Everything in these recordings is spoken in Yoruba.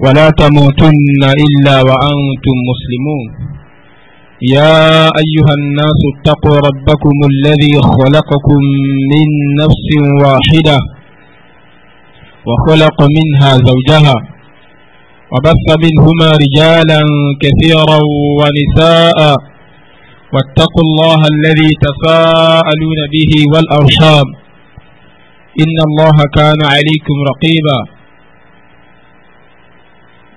ولا تموتن إلا وأنتم مسلمون يا أيها الناس اتقوا ربكم الذي خلقكم من نفس واحدة وخلق منها زوجها وبث منهما رجالا كثيرا ونساء واتقوا الله الذي تساءلون به والأرشام إن الله كان عليكم رقيباً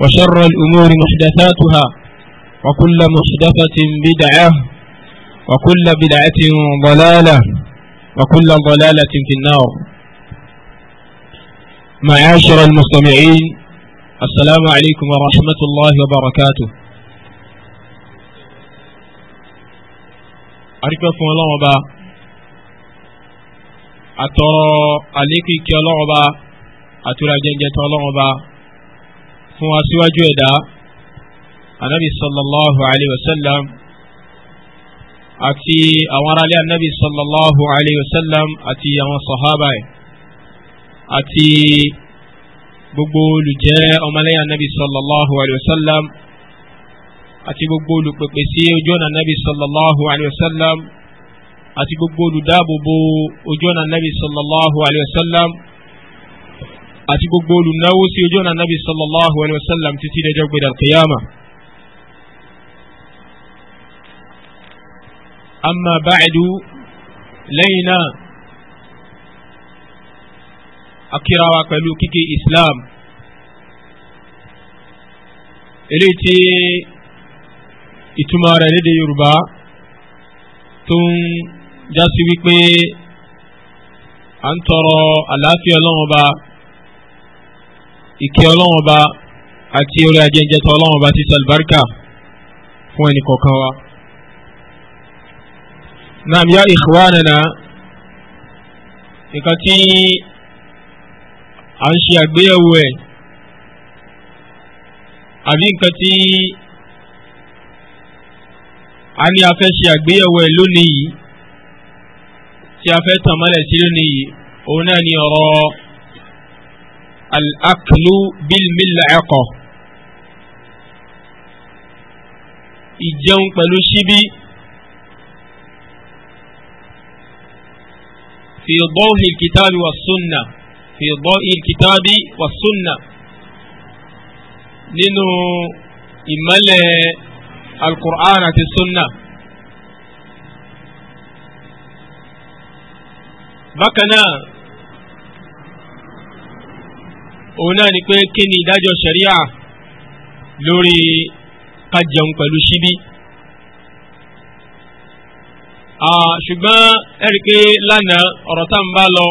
وشر الأمور محدثاتها وكل محدثة بدعة وكل بدعة ضلالة وكل ضلالة في النار معاشر المستمعين السلام عليكم ورحمة الله وبركاته أركبكم الله وبا أترى عليك كي الله وبا أترى جنجة الله وبا fún aṣíwájú ẹ̀dá anabi sallallahu alayhi wa sallam àti àwọn aráalé anabi sallallahu alayhi wa sallam àti àwọn sọ̀hábà ẹ̀ àti gbogbo olùjẹ́ ọmọlẹ́yìn anabi sallallahu alayhi wa sallam àti gbogbo olùpèpè sí ojú ọ̀nà nabi sallallahu alayhi wa sallam àti gbogbo olùdáàbòbò ojú ọ̀nà nabi sallallahu alayhi wa sallam àti gbogbo olùnáwó sí ojú ọ̀nà nabi sallallahu alayhi wa sallam títí dẹjọ́ gbé dàlkìyàmà. amma ba'du lẹ́yìn náà akíra wa pẹ̀lú kíkí islam eléyìí tí ìtumọ̀ rẹ̀ léde yorùbá tó ń jásí wípé à ń tọrọ àlàáfíà ọlọ́run ọba ìkẹ́ ọlọ́run ọba àti orí ajẹ́njẹta ọlọ́run ọba ti sàlùbáríkà fún ẹnì kọ̀ọ̀kan wa. naam ya ikhwanana nǹkan tí a ń ṣe àgbéyẹ̀wò ẹ̀ àbí nǹkan tí a ní a fẹ́ ṣe àgbéyẹ̀wò ẹ̀ lónìí tí a fẹ́ tàn mọ́lẹ̀ sí lónìí òun náà ni ọ̀rọ̀. الأكل بالملعقة ìjẹun قلو شبي في ضوء الكتاب والسنة في ضوء الكتاب والسنة nínú ìmọ́lẹ̀ القرآن في السنة بكنا òun náà ni pé kí ni ìdájọ́ ṣẹ̀ríà lórí ká pẹ̀lú ṣíbí. ṣùgbọ́n ẹ̀rí pé lánàá ọ̀rọ̀ tá à ń bá lọ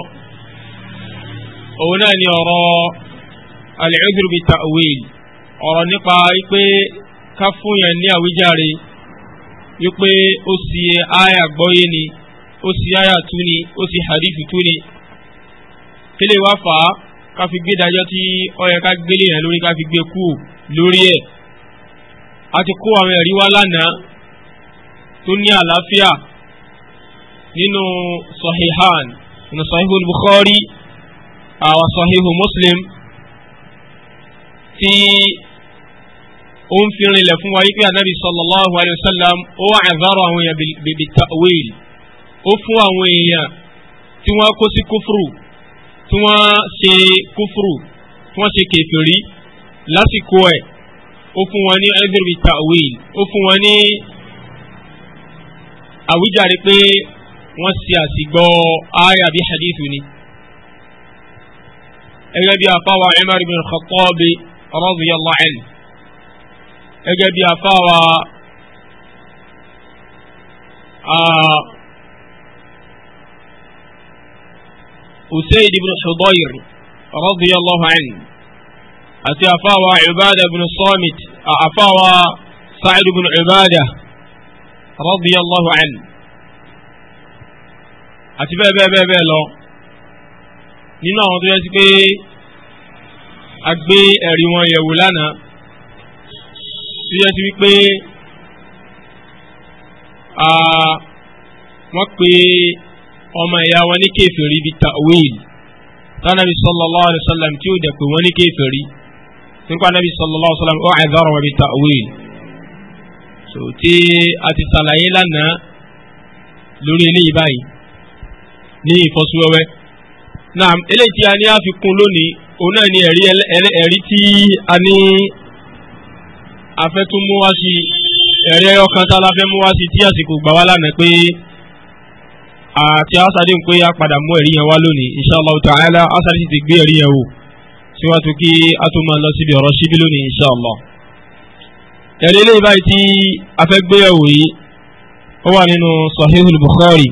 òun náà ni ọ̀rọ̀ al-udhr bi ọ̀rọ̀ nípa ká fún yẹn ní àwíjàre wípé ó sì ni ó sì àyà tú ni ó sì hadithu tú ni ká fi gbé dájọ́ tí ó yẹ ká gbélé yẹn lórí ká fi gbé kú lórí ẹ̀ a ti kó àwọn ẹ̀rí wá lánàá tó ní àlàáfíà nínú sahihan nínú sahihu bukhari àwọn sahihu muslim tí ó ń fi rinlẹ̀ fún wa wípé anabi sallallahu alayhi wa sallam ó wà ẹ̀záró àwọn èèyàn bíi ta'wil ó fún àwọn èèyàn tí wọ́n kó sí kúfúrú tí wọ́n ṣe kúfùrù tí wọ́n ṣe kèfèrí lásìkò ẹ̀ ó fún wọn ní ẹ́dẹ̀rì tawil ó fún wọn ní àwíjàre pé wọ́n ṣe àsìgbọ́ ayé àbí hadithu ni. ẹgẹ́ bí afáwa Umar ibn Khattab radiyallahu anhu ẹgẹ́ bí afáwa. usaid ibn hudayr radiyallahu anhu àti àfáwà ibada ibn samit àfáwà sa'id ibn ibada radiyallahu anhu àti bẹ́ẹ̀ bẹ́ẹ̀ bẹ́ẹ̀ bẹ́ẹ̀ lọ nínú àwọn tó yẹ sí pé a gbé ẹ̀rí wọn yẹ̀wò lánàá tó yẹ sí wípé wọ́n pe ọmọ ìyá wọn ní kèfèrí bíi ta'wil tánàbí sallallahu alaihi wasallam tí ó dẹ̀ pé wọ́n ní kèfèrí nípa nàbí sallallahu alaihi wasallam ó àìdára wọn bíi ta'wil so tí a ti sàlàyé lánàá lórí eléyìí báyìí ní ìfọ́síwẹ́wẹ́ náà eléyìí tí a ní àfikún lónìí òun náà ni ẹ̀rí ẹ̀rí tí a ní afẹ́tún mú wá sí ẹ̀rí ẹyọ tá a la fẹ́ mú wá sí tí àsìkò gbà wá lánàá pé àti asadi ń pé a padà mú ẹ̀rí yẹn wá lónìí inshallah ta'ala asadi ti ti gbé ẹ̀rí yẹn wò síwájú kí a tó máa lọ síbi ọ̀rọ̀ síbí lónìí inshallah. ẹ̀rí ilé ìbáyìí tí a fẹ́ gbé ẹ̀wò yìí ó wà nínú sahihul bukhari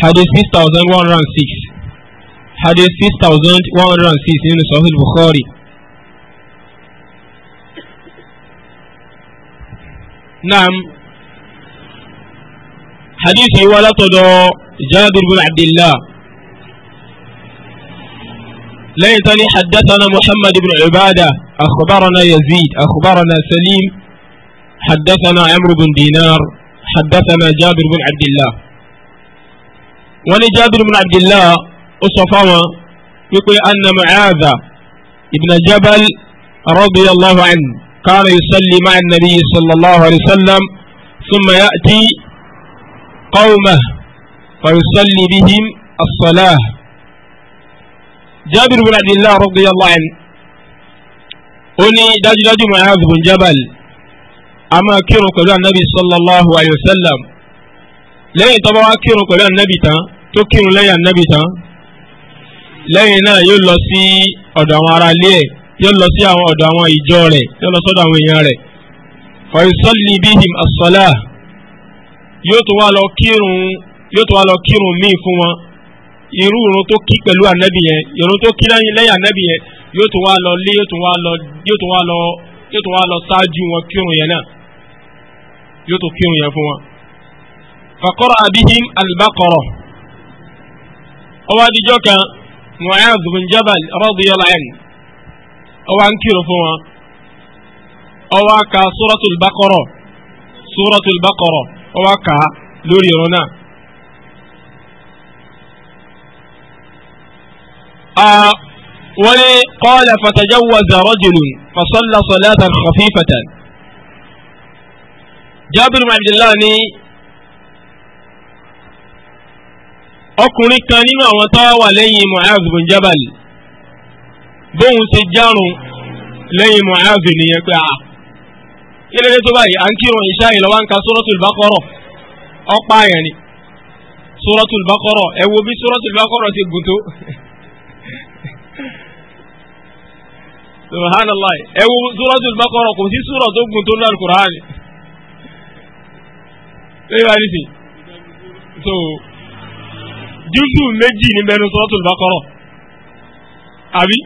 hadith six thousand one hundred six hadith six thousand one hundred and six nínú sahihul bukhari. naam. حديثي ولا جابر بن عبد الله ليتني حدثنا محمد بن عبادة أخبرنا يزيد أخبرنا سليم حدثنا عمرو بن دينار حدثنا جابر بن عبد الله ولجابر بن عبد الله أصفهما يقول أن معاذ ابن جبل رضي الله عنه كان يصلي مع النبي صلى الله عليه وسلم ثم يأتي قومه ويصلي بهم الصلاة جابر بن عبد الله رضي الله عنه أني داج داج معاذ بن جبل أما كيرو قدر النبي صلى الله عليه وسلم لين طبعا كيرو قدر النبي تا تكيرو لين النبي تا lẹ́yìn náà yóò lọ sí ọ̀dọ̀ àwọn ará ilé ẹ̀ yóò sí àwọn ọ̀dọ̀ àwọn ìjọ rẹ̀ yóò lọ àwọn èèyàn rẹ̀ ọ̀yùsọ́lì bíhìm asọ́lá yóò tún wá lọ kírun yóò tún wá lọ kírun míì fún wọn irú irun tó kí pẹ̀lú ànábì yẹn irun tó kí lẹ́yìn ànábì yẹn yóò tún wá lọ lé yóò tún wá lọ yóò tún wá lọ yóò tún wá lọ ṣáájú wọn kírun yẹn náà yóò tún kírun yẹn fún wọn. fakọ́rọ̀ abihim al-Baqara ọwọ́ kan Mu'adh bin Jabal radiyallahu anhu fún wọn ọwọ́ aka suratul Baqara suratul Baqara ó wá kà á lórí ọ̀rọ̀ náà. wọ́n ní qala fatajawwaza rajulun fasalla salatan khafifatan. Jabir ibn Abdullah ní ọkùnrin kan nínú àwọn tó wà lẹ́yìn Mu'az bin Jabal bóun ṣe járun lẹ́yìn Mu'az nìyẹn pé àá. Ah, kí lóde tó báyìí à ń kírun ìṣá ìlọ́wọ́ ń ka suratul baqara ọ̀pá yẹn ni suratul baqara ẹ wo bí suratul baqara ti gùn tó subhanallah ẹ wo suratul baqara kò sí sura tó gùn tó náà Kùránì ṣé wàá ní sí so jùsù méjì ní bẹnu suratul àbí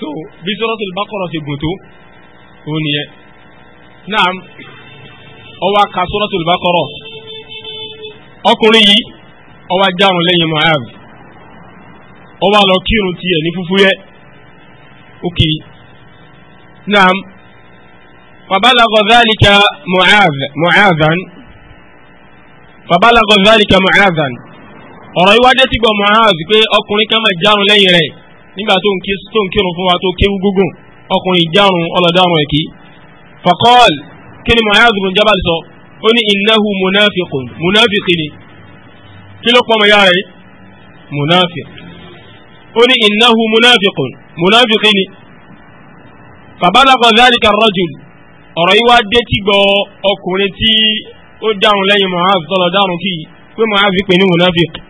so bí suratul ti gùn tó. ó nìyẹn naam ọwọ́ aka Suratul Baqara ọkùnrin yìí ọwọ́ ajáhùn lẹ́yìn Mu'adh ọwọ́ alọ kírun tiẹ̀ ní fúfú yẹ òkè naam fabalagha dhalika Mu'adh Mu'adhan fabalagha dhalika Mu'adhan ọ̀rọ̀ iwájú ti pé ọkùnrin kan máa nígbà tó ń kírun fún wa tó kéwú gúngùn. ọkùnrin járun ọlọ́dárun ẹ̀kí fakọ́ọ̀l kí ni Mu'adh bin Jabal sọ ó ní innahu munafiqun munafiki ni kí ló pọ́nmọ́ yára yìí munafiq ó ní innahu munafiqun munafiki ni fàbálàkọ dhalika ar-rajul ọ̀rọ̀ yìí wá dé tí gbọ́ ọkùnrin tí ó dárun lẹ́yìn Mu'adh tọ́lọ́dárun kì í pé Mu'adh pè ní munafiki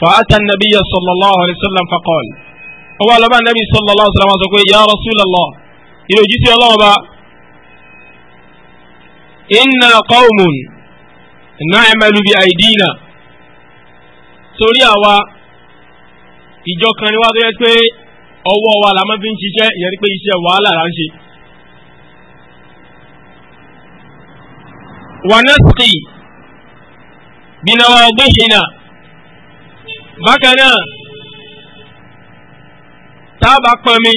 fa ata an-nabiyya sallallahu alayhi wa ọwọ́ alọ́ba nẹ́bí sallallahu alaihi wasallam sọ pé ya Rasulullah ilé òjísé ọlọ́wọ́ bá inna qawmun na'malu bi aidina sórí àwa ìjọ kan ni wá tó yẹ pé ọwọ́ wa la máa fi ń ṣiṣẹ́ ìyẹn ni pé iṣẹ́ wàhálà là ń ṣe. wa nasqi bi bákan náà tábà pọn mi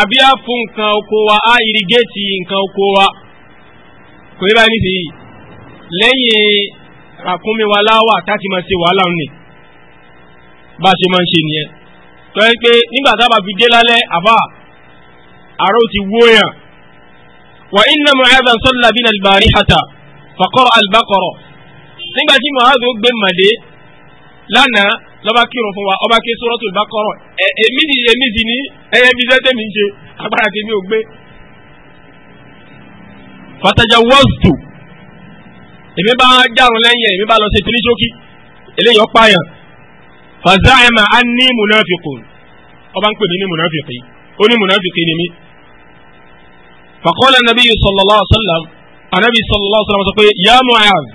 àbí á fún nǹkan oko wa á irigéètì nǹkan oko wa kò yíba nísìnyí lẹ́yìn ràkúnmi wa láwà táti máa ṣe wàhálà nì bá a ṣe máa ń ṣe nìyẹn tó yẹ pé nígbà tábà fi dé lálẹ́ àbá àrò ti wóyàn wà iná mu'adha sọ́lá bínú albari hata faqara albaqara nígbà tí mu'adha gbé màdé lánàá lọ́ba kírun fún wa ọba ké suratul Baqara èmi ni èmi sì ní ẹyẹ bí sẹ́tẹ̀ mi ń ṣe agbára tèmi ò gbé. fatajà wọ́ọ̀sù èmi bá járun lẹ́yìn èmi bá lọ ṣe tìrí ṣókí eléyìí ọ̀pá yàn faza'ama anni munafiqun ọba ń pè mí ní munafiqi ó ní munafiqi ni mí. faqala nabiyyu sallallahu alaihi wasallam anabi sallallahu sọ pé ya Mu'adh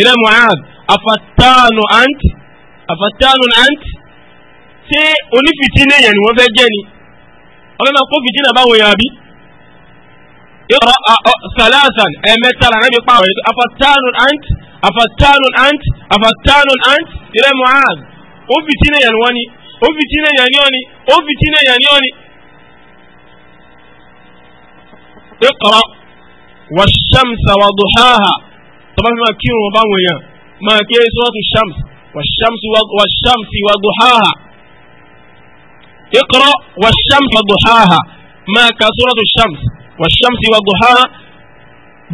ila Mu'adh afattanu ant àfàtánù àǹt ṣé onífìtínà èèyàn ni wọ́n fẹ́ jẹ́ ni ọmọ máa kó fìtínà báwọn èèyàn àbí. yọ̀rọ̀ sàlásàn ẹ̀ẹ̀mẹ́ta lànà bí pààrọ̀ yìí àfàtánù àǹt àfàtánù àǹt àfàtánù àǹt ìrẹ́ Mu'adh ó fìtínà èèyàn wọ́n ni ó fìtínà èèyàn ni ó ni ó fìtínà èèyàn ni ó ni. اقرأ والشمس وضحاها طبعا ما كيرو ما ويا ما كي سورة الشمس wàṣàmsì wàdùháhà iqra wàṣàmsì wàdùháhà máa ka sóràtù shams wàṣàmsì wàdùháhà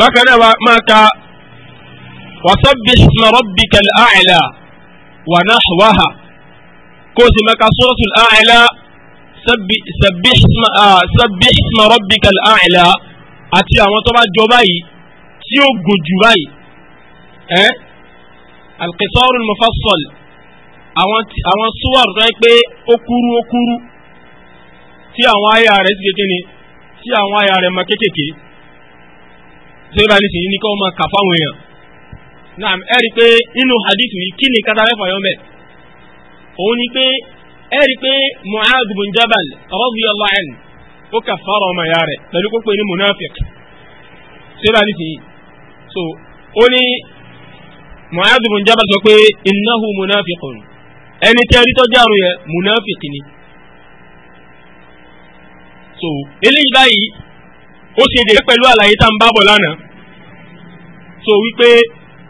bákan náà máa ka wasabbih ma rabbika al-a'la wa nahwaha kó o sì máa ka sóràtù al-a'la sabbih ma rabbika al-a'la àti àwọn tó bá jọ báyìí tí ó gòjù báyìí alqisaru mufassal àwọn suwar tó yẹ pé ó kúrú ó kúrú tí àwọn àyà rẹ̀ sì kékeré tí àwọn àyà rẹ̀ máa kékèké tí ó bá ní sìn ní kí wọ́n máa kà fáwọn èèyàn náà ẹ pé nínú hadith yìí kí ni kátàlẹ́ fàyọ́ mẹ́ òun ni pé ẹ pé Mu'adh bin Jabal radiyallahu anhu ó kà fara ọmọ ìyá rẹ̀ pẹ̀lú kó pé ní munafiq tí ó bá ní so ó ní. Mu'adh bin Jabal sọ pé innahu munafiqun ẹni tí a rí tọ́jú àrùn yẹn ni. so eléyìí báyìí ó ṣe dé pẹ̀lú àlàyé tá à ń bá bọ̀ lánàá. so wípé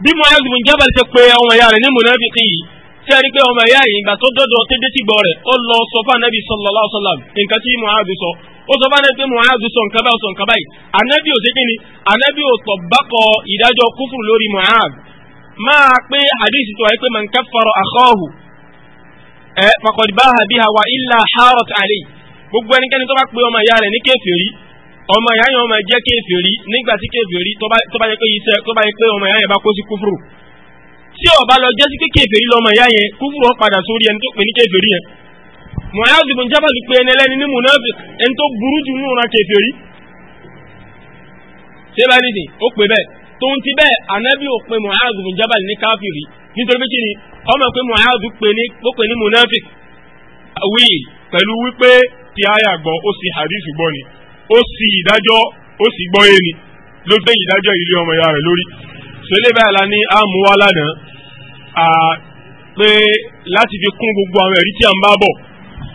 bí Mu'adh bin Jabal ṣe pé ọmọ ìyá rẹ̀ ní munafiki yìí tí a rí pé ọmọ ìyá yìí ìgbà tó dọ́dọ̀ tẹ́dẹ́ tí gbọ́ rẹ̀ ó lọ sọ fún anabi sallallahu alaihi wasallam nǹkan tí Mu'adh sọ ó sọ fún anabi pé Mu'adh sọ nǹkan báyìí sọ nǹkan báyìí anabi ò ṣe kí ni anabi ò tọ̀ bákọ̀ ìdájọ́ kúfù lórí Mu'adh máa pé hadith tó wáyé pé man kaffara akhahu ẹ faqad baha biha wa illa harat alayhi gbogbo ẹnikẹ́ni tó bá pé ọmọ ìyá rẹ̀ ní kèfèrí ọmọ ìyá yẹn ọmọ jẹ́ kèfèrí nígbà tí kèfèrí tó bá yẹ pé iṣẹ́ tó bá yẹ pé ọmọ ìyá yẹn bá kó sí kúfùrù tí ó bá lọ jẹ́ sí kèfèrí lọ́mọ ìyá yẹn kúfùrù padà sórí ẹni tó pè ní kèfèrí yẹn Mu'adh bin Jabal pé ẹni ẹlẹ́ni ní munafik ẹni tó burú jù nínú ra kèfèrí ṣé bá nídìí ó pè bẹ́ẹ̀ tóun ti bẹ́ẹ̀ anabi ò pe mu'adh bin jabal ní káfíìrì nítorí pé ni ọmọ pé mu'adh pe ní ó ní munafik wí pẹ̀lú wípé ti aya gbọ́ ó sì hadith gbọ́ ni ó sì ìdájọ́ ó sì gbọ́ yé ni ló gbé ìdájọ́ ilé ọmọ ya rẹ̀ lórí ṣẹlẹ̀ báyìí la ní àmúwá lánàá pé láti fi kún gbogbo àwọn ẹ̀rí tí a ń bá bọ̀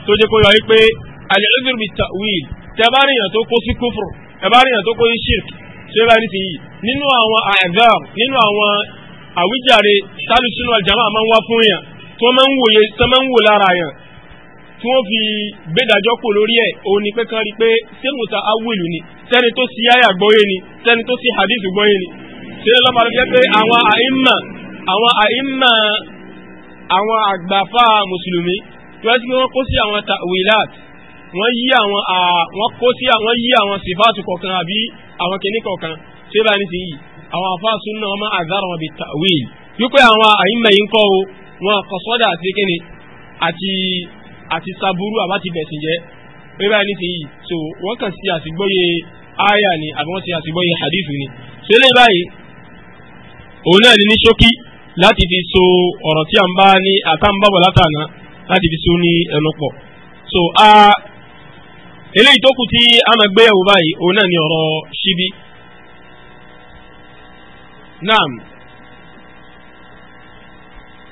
tó jẹ́ kó yọ wípé al-udhr bit-ta'wil tẹ́ bá ríyàn tó kó sí kúfùrù tẹ́ bá ríyàn tó kó sí ṣírk ṣé bá ní ti yìí nínú àwọn àdá ah, nínú àwọn àwíjàre sálùsínú àjàmá máa ń wá fún yàn tí wọ́n máa ń wòye tí wọ́n máa ń wò lára yàn tí wọ́n fi gbẹ́dàjọ́ kò lórí ẹ̀ òun ni pé kán rí pé ṣé musa awìlù ni sẹ́ni tó sí àyà gbọ́yé ni sẹ́ni tó sí hadith gbọ́yé ni ṣé lọ́mọ rẹ̀ pé àwọn àìmà àwọn àìmà àwọn àgbàfà mùsùlùmí wọ́n ti fi wọ́n kó sí àwọn ta'wilat wọ́n yí àwọn àwọn kó sí àwọn yí àwọn sèfáàtù kọ̀ọ̀kan àbí àwọn kìnnì kọ̀ọ̀kan ṣé báyìí nìsín yìí àwọn àfáàsù náà máa àgbára wọn bí tàwíìl wípé àwọn àyínmẹ̀ yìí ń kọ́ o wọn kọ̀ àti kíni àti àti saburu àbáti bẹ̀sìn jẹ́ pé báyìí nìsín yìí so wọ́n kàn sí àsìgbọ́yé aya ni àbí wọ́n sí àsìgbọ́yé hadith ni ṣé lè báyìí òun náà ní ní ṣókí láti fi so ọ̀rọ̀ tí à ń bá ní àtàǹbàbọ̀ látàná láti fi so ní ẹnu pọ̀ so a. Uh, eléyìí tó kù tí a máa gbé yẹ̀wò báyìí òun náà ni ọ̀rọ̀ ṣíbí naam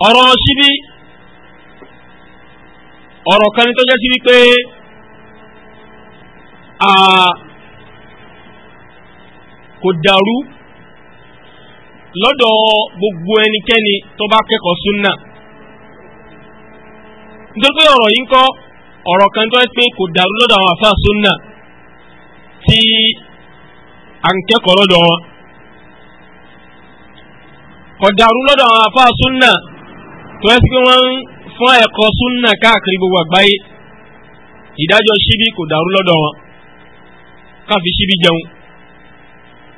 ọ̀rọ̀ ṣíbí ọ̀rọ̀ kan ni tó jẹ́ sí wípé kò dàrú lọ́dọ̀ gbogbo ẹnikẹ́ni tó bá kẹ́kọ̀ọ́ súnà nítorí pé ọ̀rọ̀ yìí ń kọ́ ọ̀rọ̀ kan tó ń pè kò dàrú lọ́dọ̀ àwọn àfa sunna tí à ń kẹ́kọ̀ọ́ lọ́dọ̀ wọn kò dàrú lọ́dọ̀ àwọn àfa sunna tó ń pè wọ́n fún ẹ̀kọ́ sunna káàkiri gbogbo àgbáyé ìdájọ́ síbí kò dàrú lọ́dọ̀ wọn káfi síbí jẹun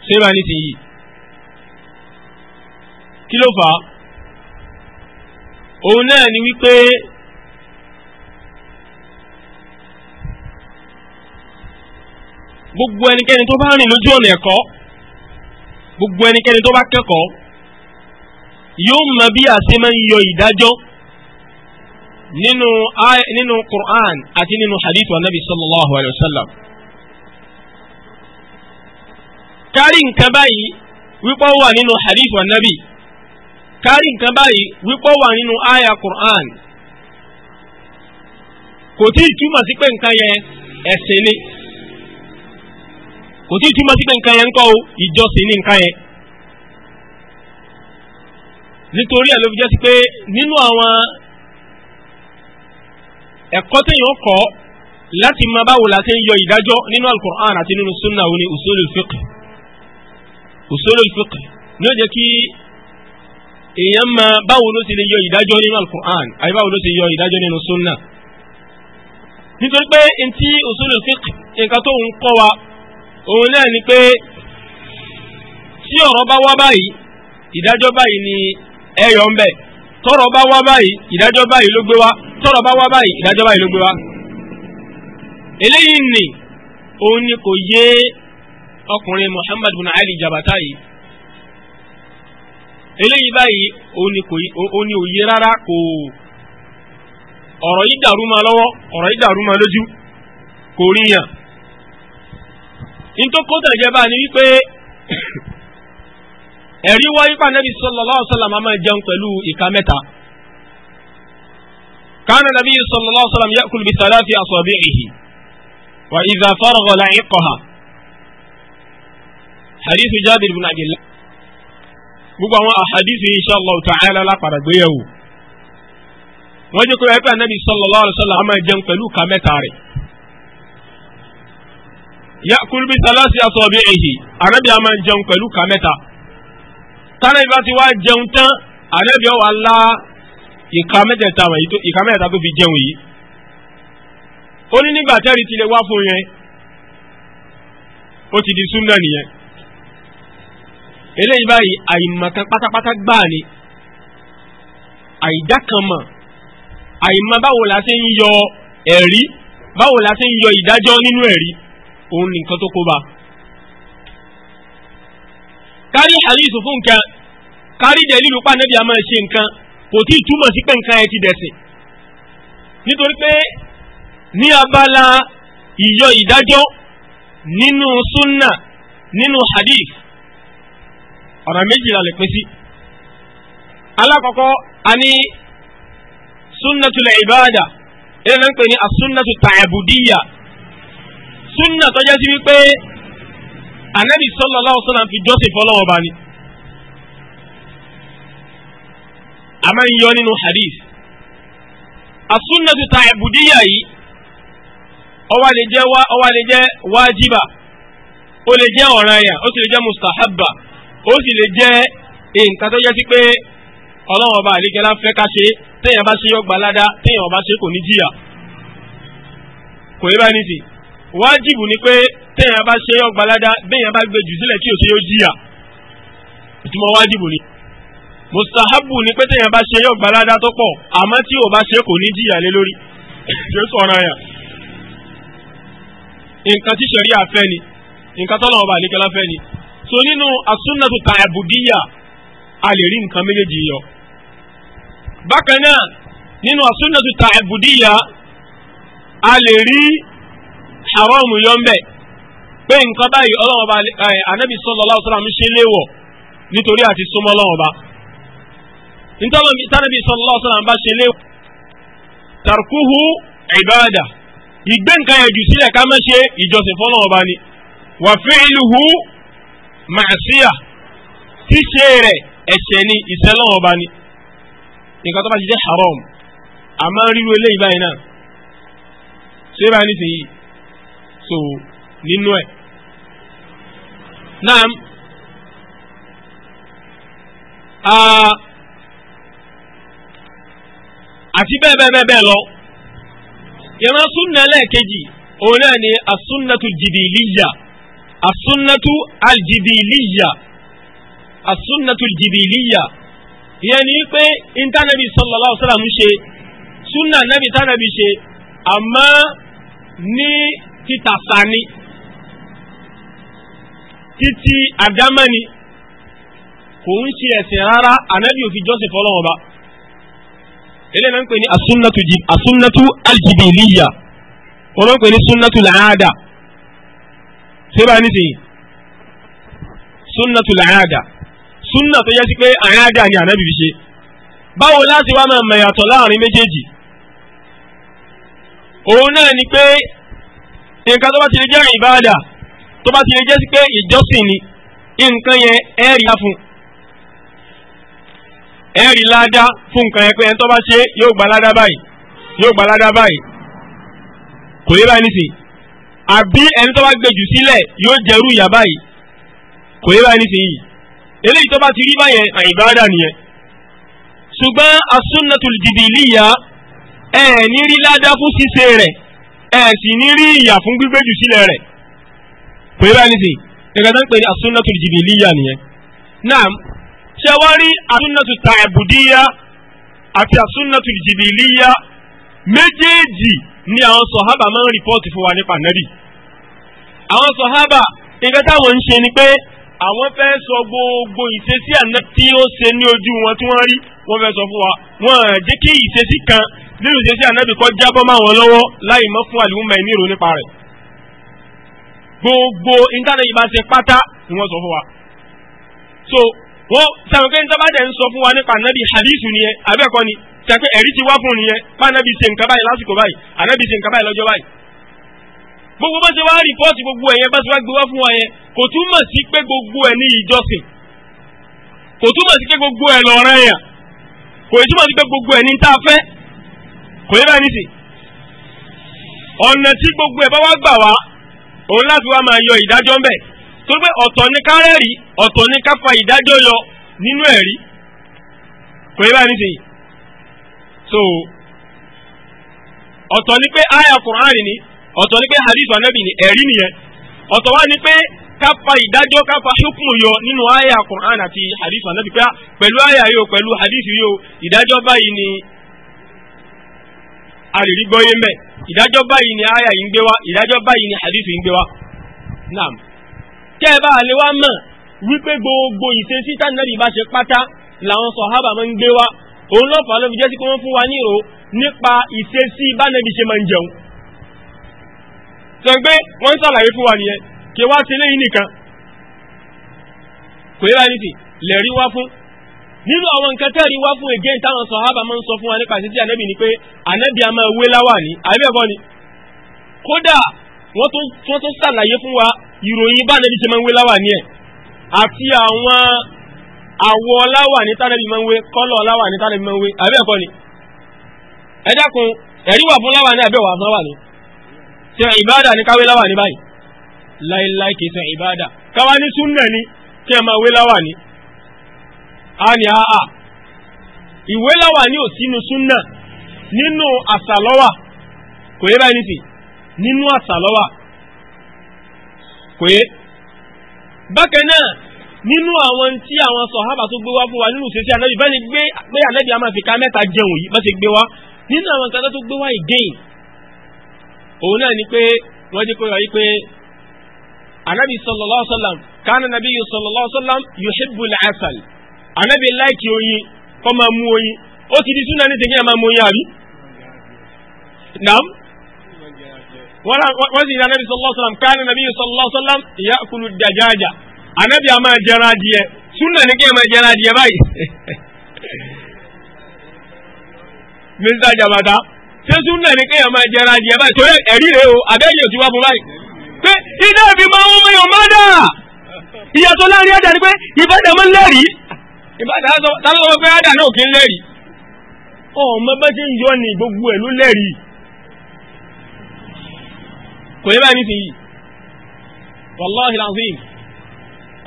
sébà ní kí ló fà á òun náà ni wípé. gbogbo ẹnikẹ́ni tó bá rìn lójú ọ̀nà ẹ̀kọ́ gbogbo ẹnikẹ́ni tó bá kẹ́kọ̀ọ́ yóò mọ bí a máa ń yọ ìdájọ́ nínú nínú Qur'an àti nínú hadith wa nabi sallallahu alayhi wa sallam kárí nǹkan báyìí wípọ́ wà nínú hadith wa nabi kárí nǹkan báyìí wípọ́ wà nínú aya Qur'an kò tí ì túmọ̀ sí pé nǹkan yẹn ẹ̀sìn ni kò tí ì túmọ̀ sí pé nǹkan yẹn ń kọ́ o ìjọsìn ní nǹkan yẹn nítorí ẹ̀ ló fi jẹ́ sí pé nínú àwọn ẹ̀kọ́ téèyàn kọ́ láti máa báwo la ṣe ń yọ ìdájọ́ nínú alukur'an àti nínú sunna òní usulul fiqh usulul fiqh ní ó jẹ́ kí èèyàn máa báwo ló ti lè yọ ìdájọ́ nínú alukur'an àbí báwo ló ti yọ ìdájọ́ nínú sunna nítorí pé ntí usulul fiqh nǹkan tó ń kọ́ wa òun náà ni pé tí ọ̀rọ̀ bá wá báyìí ìdájọ́ báyìí ni ẹyọ ń bẹ̀ tọ́rọ̀ bá wá báyìí ìdájọ́ báyìí ló gbé wá tọ́rọ̀ bá wá báyìí ìdájọ́ báyìí ló gbé wá. eléyìí nì òun ni kò yé ọkùnrin Muhammad bin Ali Jabata yìí eléyìí báyìí òun ni rárá kò ọ̀rọ̀ yìí dàrú ma lọ́wọ́ ọ̀rọ̀ yìí nítorí kó tẹ̀lé jẹba ni wípé ẹ̀rí wá yípa nẹ́bí sallallahu alaihi wasallam máa jẹun pẹ̀lú ìka mẹ́ta. kana nàbí sallallahu alaihi wasallam ya'kul bi thalathi asabi'ihi wa idha faragha la'iqaha. hadithu Jabir ibn Abdillah gbogbo àwọn àhàdìsì insha Allah ta'ala lápàdà gbéyàwó wọ́n jẹ́ kó ẹ̀ka nẹ́bí sallallahu alaihi wasallam máa jẹun pẹ̀lú ìka mẹ́ta rẹ̀ yakul bi salasi asabi'ihi anabi ama jẹun pẹ̀lú ka mẹ́ta tánà ìbá ti wá jẹun tán anabi ọwọ alá ìka mẹ́tẹ̀ẹ̀ta wọn ìka mẹ́tẹ̀ẹ̀ta tó fi jẹun yìí ó ní nígbà tẹ́rì ti lè wá fún yẹn ó ti di súnà nìyẹn eléyìí báyìí àìmọ̀kan pátápátá gbáà ni àìdákanmọ̀ àìmọ̀ báwo la ṣe ń yọ ẹ̀rí báwo la ṣe ń yọ ìdájọ́ nínú ẹ̀rí òun ní nǹkan tó kó bá. kárí àdìsù fún nǹkan kárí dẹ̀lílù pa nẹ́bí a máa ṣe nǹkan kò tí ì túmọ̀ sí pé nǹkan ẹ ti dẹ̀sìn nítorí pé ní abala ìyọ ìdájọ́ nínú súnà nínú hadith ọ̀rọ̀ méjì la lè pín sí. alákọ̀ọ́kọ́ a ní súnnatul ìbáàdà ẹ̀rọ náà ń pè ní asúnnatu tààbùdíyà súnà tó jẹ́ sí wípé ànábì sallallahu alaihi wasallam fi jọ́sìn fọlọ́wọ́ bá ní. a máa ń yọ nínú hadith asúnàtù ta ìbùdíyà yìí o lè jẹ́ o wá lè jẹ́ wájibà ó lè jẹ́ ó sì lè jẹ́ mustahabba ó sì lè jẹ́ nǹkan sí pé wájìbù ni pé téèyàn bá ṣe yọ gbalada béèyàn bá gbé jù sílẹ̀ tí ò ṣe yóò jìyà ìtumọ̀ wájìbù ni mustahabu ni pé téèyàn bá ṣe yọ gbalada tó pọ̀ àmọ́ tí ò bá ṣe kò ní jìyà lé lórí ṣe sọ̀rọ̀ yà nǹkan tí sẹ̀rí àfẹ́ ni nǹkan tọ́lọ̀ ọba àlékẹ́lá fẹ́ ni so nínú asúnnàtò ta a lè rí nǹkan méjèèjì yọ bákan náà nínú asúnnàtò ta a lè rí haram yọ ń bẹ̀ pé nǹkan báyìí ọlọ́run ọba anabi sọlọ alaihi ṣe léwọ̀ nítorí àti súnmọ́ ọba nítorí tánàbí sallallahu ṣe léwọ̀ tarkuhu ibada ìgbé nǹkan yẹn jù sílẹ̀ ká má ṣe ìjọsìn ọba ni wa fi'luhu ṣíṣe rẹ̀ ọba ni nǹkan tó bá ti jẹ́ haram àmọ́ so nínú ẹ̀ náà àti bẹ́ẹ̀ bẹ́ẹ̀ bẹ́ẹ̀ bẹ́ẹ̀ lọ ìran súnà lẹ́ẹ̀kejì òun náà ni asúnnatu jìbìlíyà asúnnatu aljìbìlíyà asúnnatu jìbìlíyà ìyẹn ni pé intanẹ́bì sallallahu alaihi wasallam ṣe súnà nẹ́bì tánẹ́bì ṣe àmọ́ ní títà sani títí àdámẹ́ni kò ń ṣe ẹ̀sìn rárá ànábì òfin jọ́sìn fọlọ́wọ́n ba eléyìí náà ń pè ní asúnnatu jib asúnnatu aljibiliya wọn ń pè ní súnnatu làádà sébà nísìnyí súnnatu làádà súnnà tó yẹ sí pé àádà ni ànábì fi ṣe báwo láti wá máa mẹ̀yàtọ̀ láàrin méjèèjì òun náà ni pé nǹkan tó bá ti lè jẹ́ ìbáàdà tó bá ti lè jẹ́ sí pé ìjọsìn ni nǹkan yẹn ẹ̀rí á fún ẹ̀rí ládá fún nǹkan yẹn pé ẹni tó bá ṣe yóò gba ládá báyìí yóò gba ládá báyìí kò yé báyìí nísìnyí àbí ẹni tó bá gbèjù sílẹ̀ yóò jẹrú ìyà báyìí kò yé báyìí nísìnyí eléyìí tó bá ti rí báyẹn àìbáàdà nìyẹn ṣùgbọ́n asúnnàtùl jìbìlíyà ẹ̀ ní rí ládá fún ṣíṣe rẹ̀ ẹ sì ní rí ìyà fún gbígbé jù sílẹ̀ rẹ̀ kò yẹ báyìí nìsín nǹkan tó ń pè ní asúnnàtò jìbìlíyà nìyẹn náà ṣe wá rí asúnnàtò tààbùdíyà àti asúnnàtò jìbìlíyà méjèèjì ni àwọn sọ̀hábà máa ń rìpọ́ọ̀tì fún wa nípa nẹ́bì àwọn sọ̀hábà nǹkan táwọn ń ṣe ni pé àwọn fẹ́ sọ gbogbo ìṣesí àná tí ó ṣe ní ojú wọn tí wọ́n rí wọ́n fẹ́ sọ fún wa wọ́n jẹ́ kí ìṣesí kan nínú ìṣesí ànábì kọ́ jábọ́ máa wọn lọ́wọ́ láì mọ́ fún àlùmọ́ ẹ̀ nírò nípa rẹ̀ gbogbo íńtánẹ́ẹ̀tì bá ṣe pátá ni wọ́n sọ so wọ́n sẹ́wọ̀n pé nítorí ń sọ fún wa nípa ànábì ni sẹ́pẹ́ ẹ̀rí ti wá fún nìyẹn pa ànábì ṣe nǹkan báyìí lásìkò báyìí ànábì ṣe nǹkan báyìí lọ́jọ́ gbogbo bá ṣe gbogbo ẹ̀yẹn bá ṣe wá gbé wá fún gbogbo ẹ̀ ní ìjọsìn kò túmọ̀ gbogbo kò yẹ báyìí nìsí ọ̀nà tí gbogbo ẹ̀ bá wá gbà wá òun láti wá máa yọ ìdájọ́ ń bẹ̀ tó pé ọ̀tọ̀ ní kárẹ́rì ọ̀tọ̀ ní káfa ìdájọ́ yọ nínú ẹ̀rí kò yẹ báyìí nìsí so ọ̀tọ̀ ni pé aya Kùránì ni ọ̀tọ̀ ni pé hadith anabi ni ẹ̀rí nìyẹn ọ̀tọ̀ wá ni pé káfa ìdájọ́ káfa ṣókùn yọ nínú aya Kùránì àti hadith anabi pé ah, pẹ̀lú aya yìí o pẹ̀lú hadith yìí o ìdájọ́ báyìí ni àrèrí gbọ́yé mbẹ́ ìdájọ́ báyìí ni àyà yìí ń gbé wá ìdájọ́ báyìí ni hadith yìí ń gbé wá. naam tẹ́ ẹ bá lè wá mọ̀ wípé gbogbo ìṣesí tánàlì bá ṣe pátá làwọn sọ̀hábà máa ń gbé wá òun lọ́pàá ló fi jẹ́ sí pé wọ́n fún wa nírò nípa ìṣesí bánàbí ṣe máa ń jẹun. sọ wọ́n ń fún wa nìyẹn kí wá sí lẹ́yìn nìkan kò yẹ báyìí lẹ́rí wá fún nínú àwọn nǹkan tẹ́rì wá fún ègé táwọn sọ̀hábà máa ń sọ fún wa nípa títí ànẹ́bì ni pé ànẹ́bì a máa wé láwà ní àbẹ́ẹ̀kọ́ ni kódà wọ́n tún ṣàlàyé fún wa ìròyìn bá ànẹ́bì ṣe máa ń wé láwà ní ẹ̀ àti àwọn àwọ̀ láwà ní tánẹ́bì máa ń wé kọ́lọ̀ láwà ní tánẹ́bì máa ń wé àbẹ́ẹ̀kọ́ ni ẹ dákun ẹ̀rí wà fún láwà ní àbẹ́ wà fún láwà ní ṣe ìbáàdà ní káwé láwà ní báyìí láíláí kìí ṣe ìbáàdà káwá ní a ní àà ìwé láwà ní òsínú súnà nínú àsàlọ́wà kò yé báyìí nìsí nínú àsàlọ́wà kò yé bákan náà nínú àwọn tí àwọn sọ̀hábà tó gbé wá fún wa nínú ìṣesí bá a máa fi ka mẹ́ta jẹun yìí bá ti gbé wá nínú àwọn nǹkan tó gbé ni pé wọ́n yìí pé ànábì láìkì oyin kọ́ máa mú oyin ó ti di súnà ní tèmi àmà mú oyin àbí. nam wọ́n sì ní ànábì sallallahu alaihi wasallam káàní nàbí sallallahu alaihi wasallam ya'kulu dajaja ànábì àmà jẹrán adìyẹ súnà ní kí àmà jẹrán adìyẹ báyìí. mr jabata ṣé súnà ní kí àmà jẹrán adìyẹ báyìí torí ẹ̀rí rèé o àbẹ́yẹ̀ òtún wà fún báyìí pé iná ìbí máa ń mú yàn mọ́dà ìyàtọ̀ láàrin ẹ̀dà ni pé ìbádàmọ́ lẹ́rìí ìbátàlọ́wọ́ pé ádà náà kí ń lẹ́rìí ọmọ bá ti ń yọ ní gbogbo ẹ̀ ló lẹ́rìí kò yẹ bá ní ti yìí wallahi lazim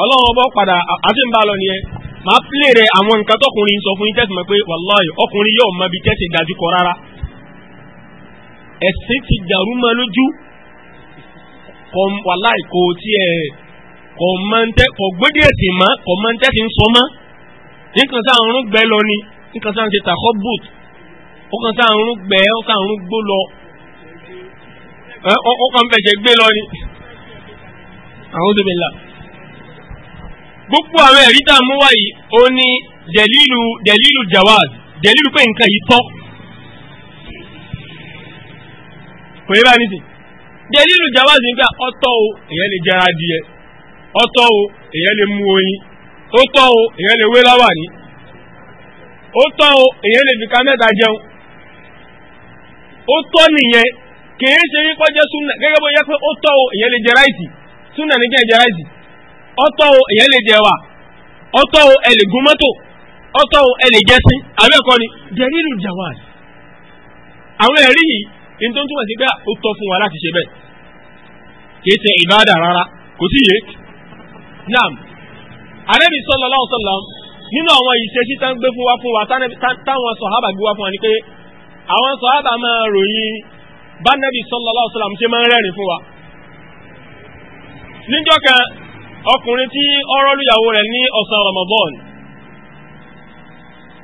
ọlọ́run ọbọ̀ padà àti ń bá lọ nìyẹn máa pílè rẹ àwọn nǹkan tọkùnrin sọ fún yín tẹ́sí pé wallahi ọkùnrin yóò mọ ibi tẹ́sí dájú kọ rárá ẹ̀sìn ti dàrú mọ́ lójú wallahi kò tiẹ̀ kò mọ́ ń tẹ́ kò gbé nǹkan sáà ń gbẹ lọ ni nǹkan sáà ń ṣe tàkọ́ boot ó kàn sáà ń gbẹ ó kàn ń gbó lọ ó kàn ń fẹsẹ̀ gbé lọ ni àwọn tó bẹ la. gbogbo àwọn ẹ̀rí tá a mú wáyìí ó ní dẹ̀lílù dẹ̀lílù jawaz dẹ̀lílù pé nǹkan yìí tọ́ kò yẹ bá ní sìn dẹ̀lílù jawaz nígbà ọ̀tọ̀ o èyẹ lè jẹra adìyẹ ọ̀tọ̀ o èyẹ lè mú oyin. ó tọ́ o èèyàn lè wé ní ó tọ́ o èèyàn lè fi ká mẹ́ta jẹun ó tọ́ nìyẹn kìí ṣe wípé jẹ́ súnà gẹ́gẹ́ bó yẹ pé ó tọ́ o èèyàn lè jẹ ráìsì súnà ní kẹ́ jẹ ó tọ́ o èèyàn lè jẹ wà ó tọ́ o lè gun mọ́tò ó o lè àbẹ́ ẹ̀kọ́ ni àwọn ẹ̀rí yìí ní tó ń túmọ̀ sí pé ó tọ́ fún wa láti ṣe bẹ́ẹ̀ kìí ṣe ìbáàdà àrẹ́bì sallallahu alaihi wasallam nínú àwọn ìṣesí tá ń gbé fún wa fún wa táwọn sọ̀hábà gbé wa fún wa ni pé àwọn sọ̀hábà máa ròyìn bá nẹ́bì sallallahu alaihi wasallam ṣe máa ń rẹ́rìn fún wa. níjọ́ kan ọkùnrin tí ọ̀rọ̀ lùyàwó rẹ̀ ní ọ̀sán Ramadan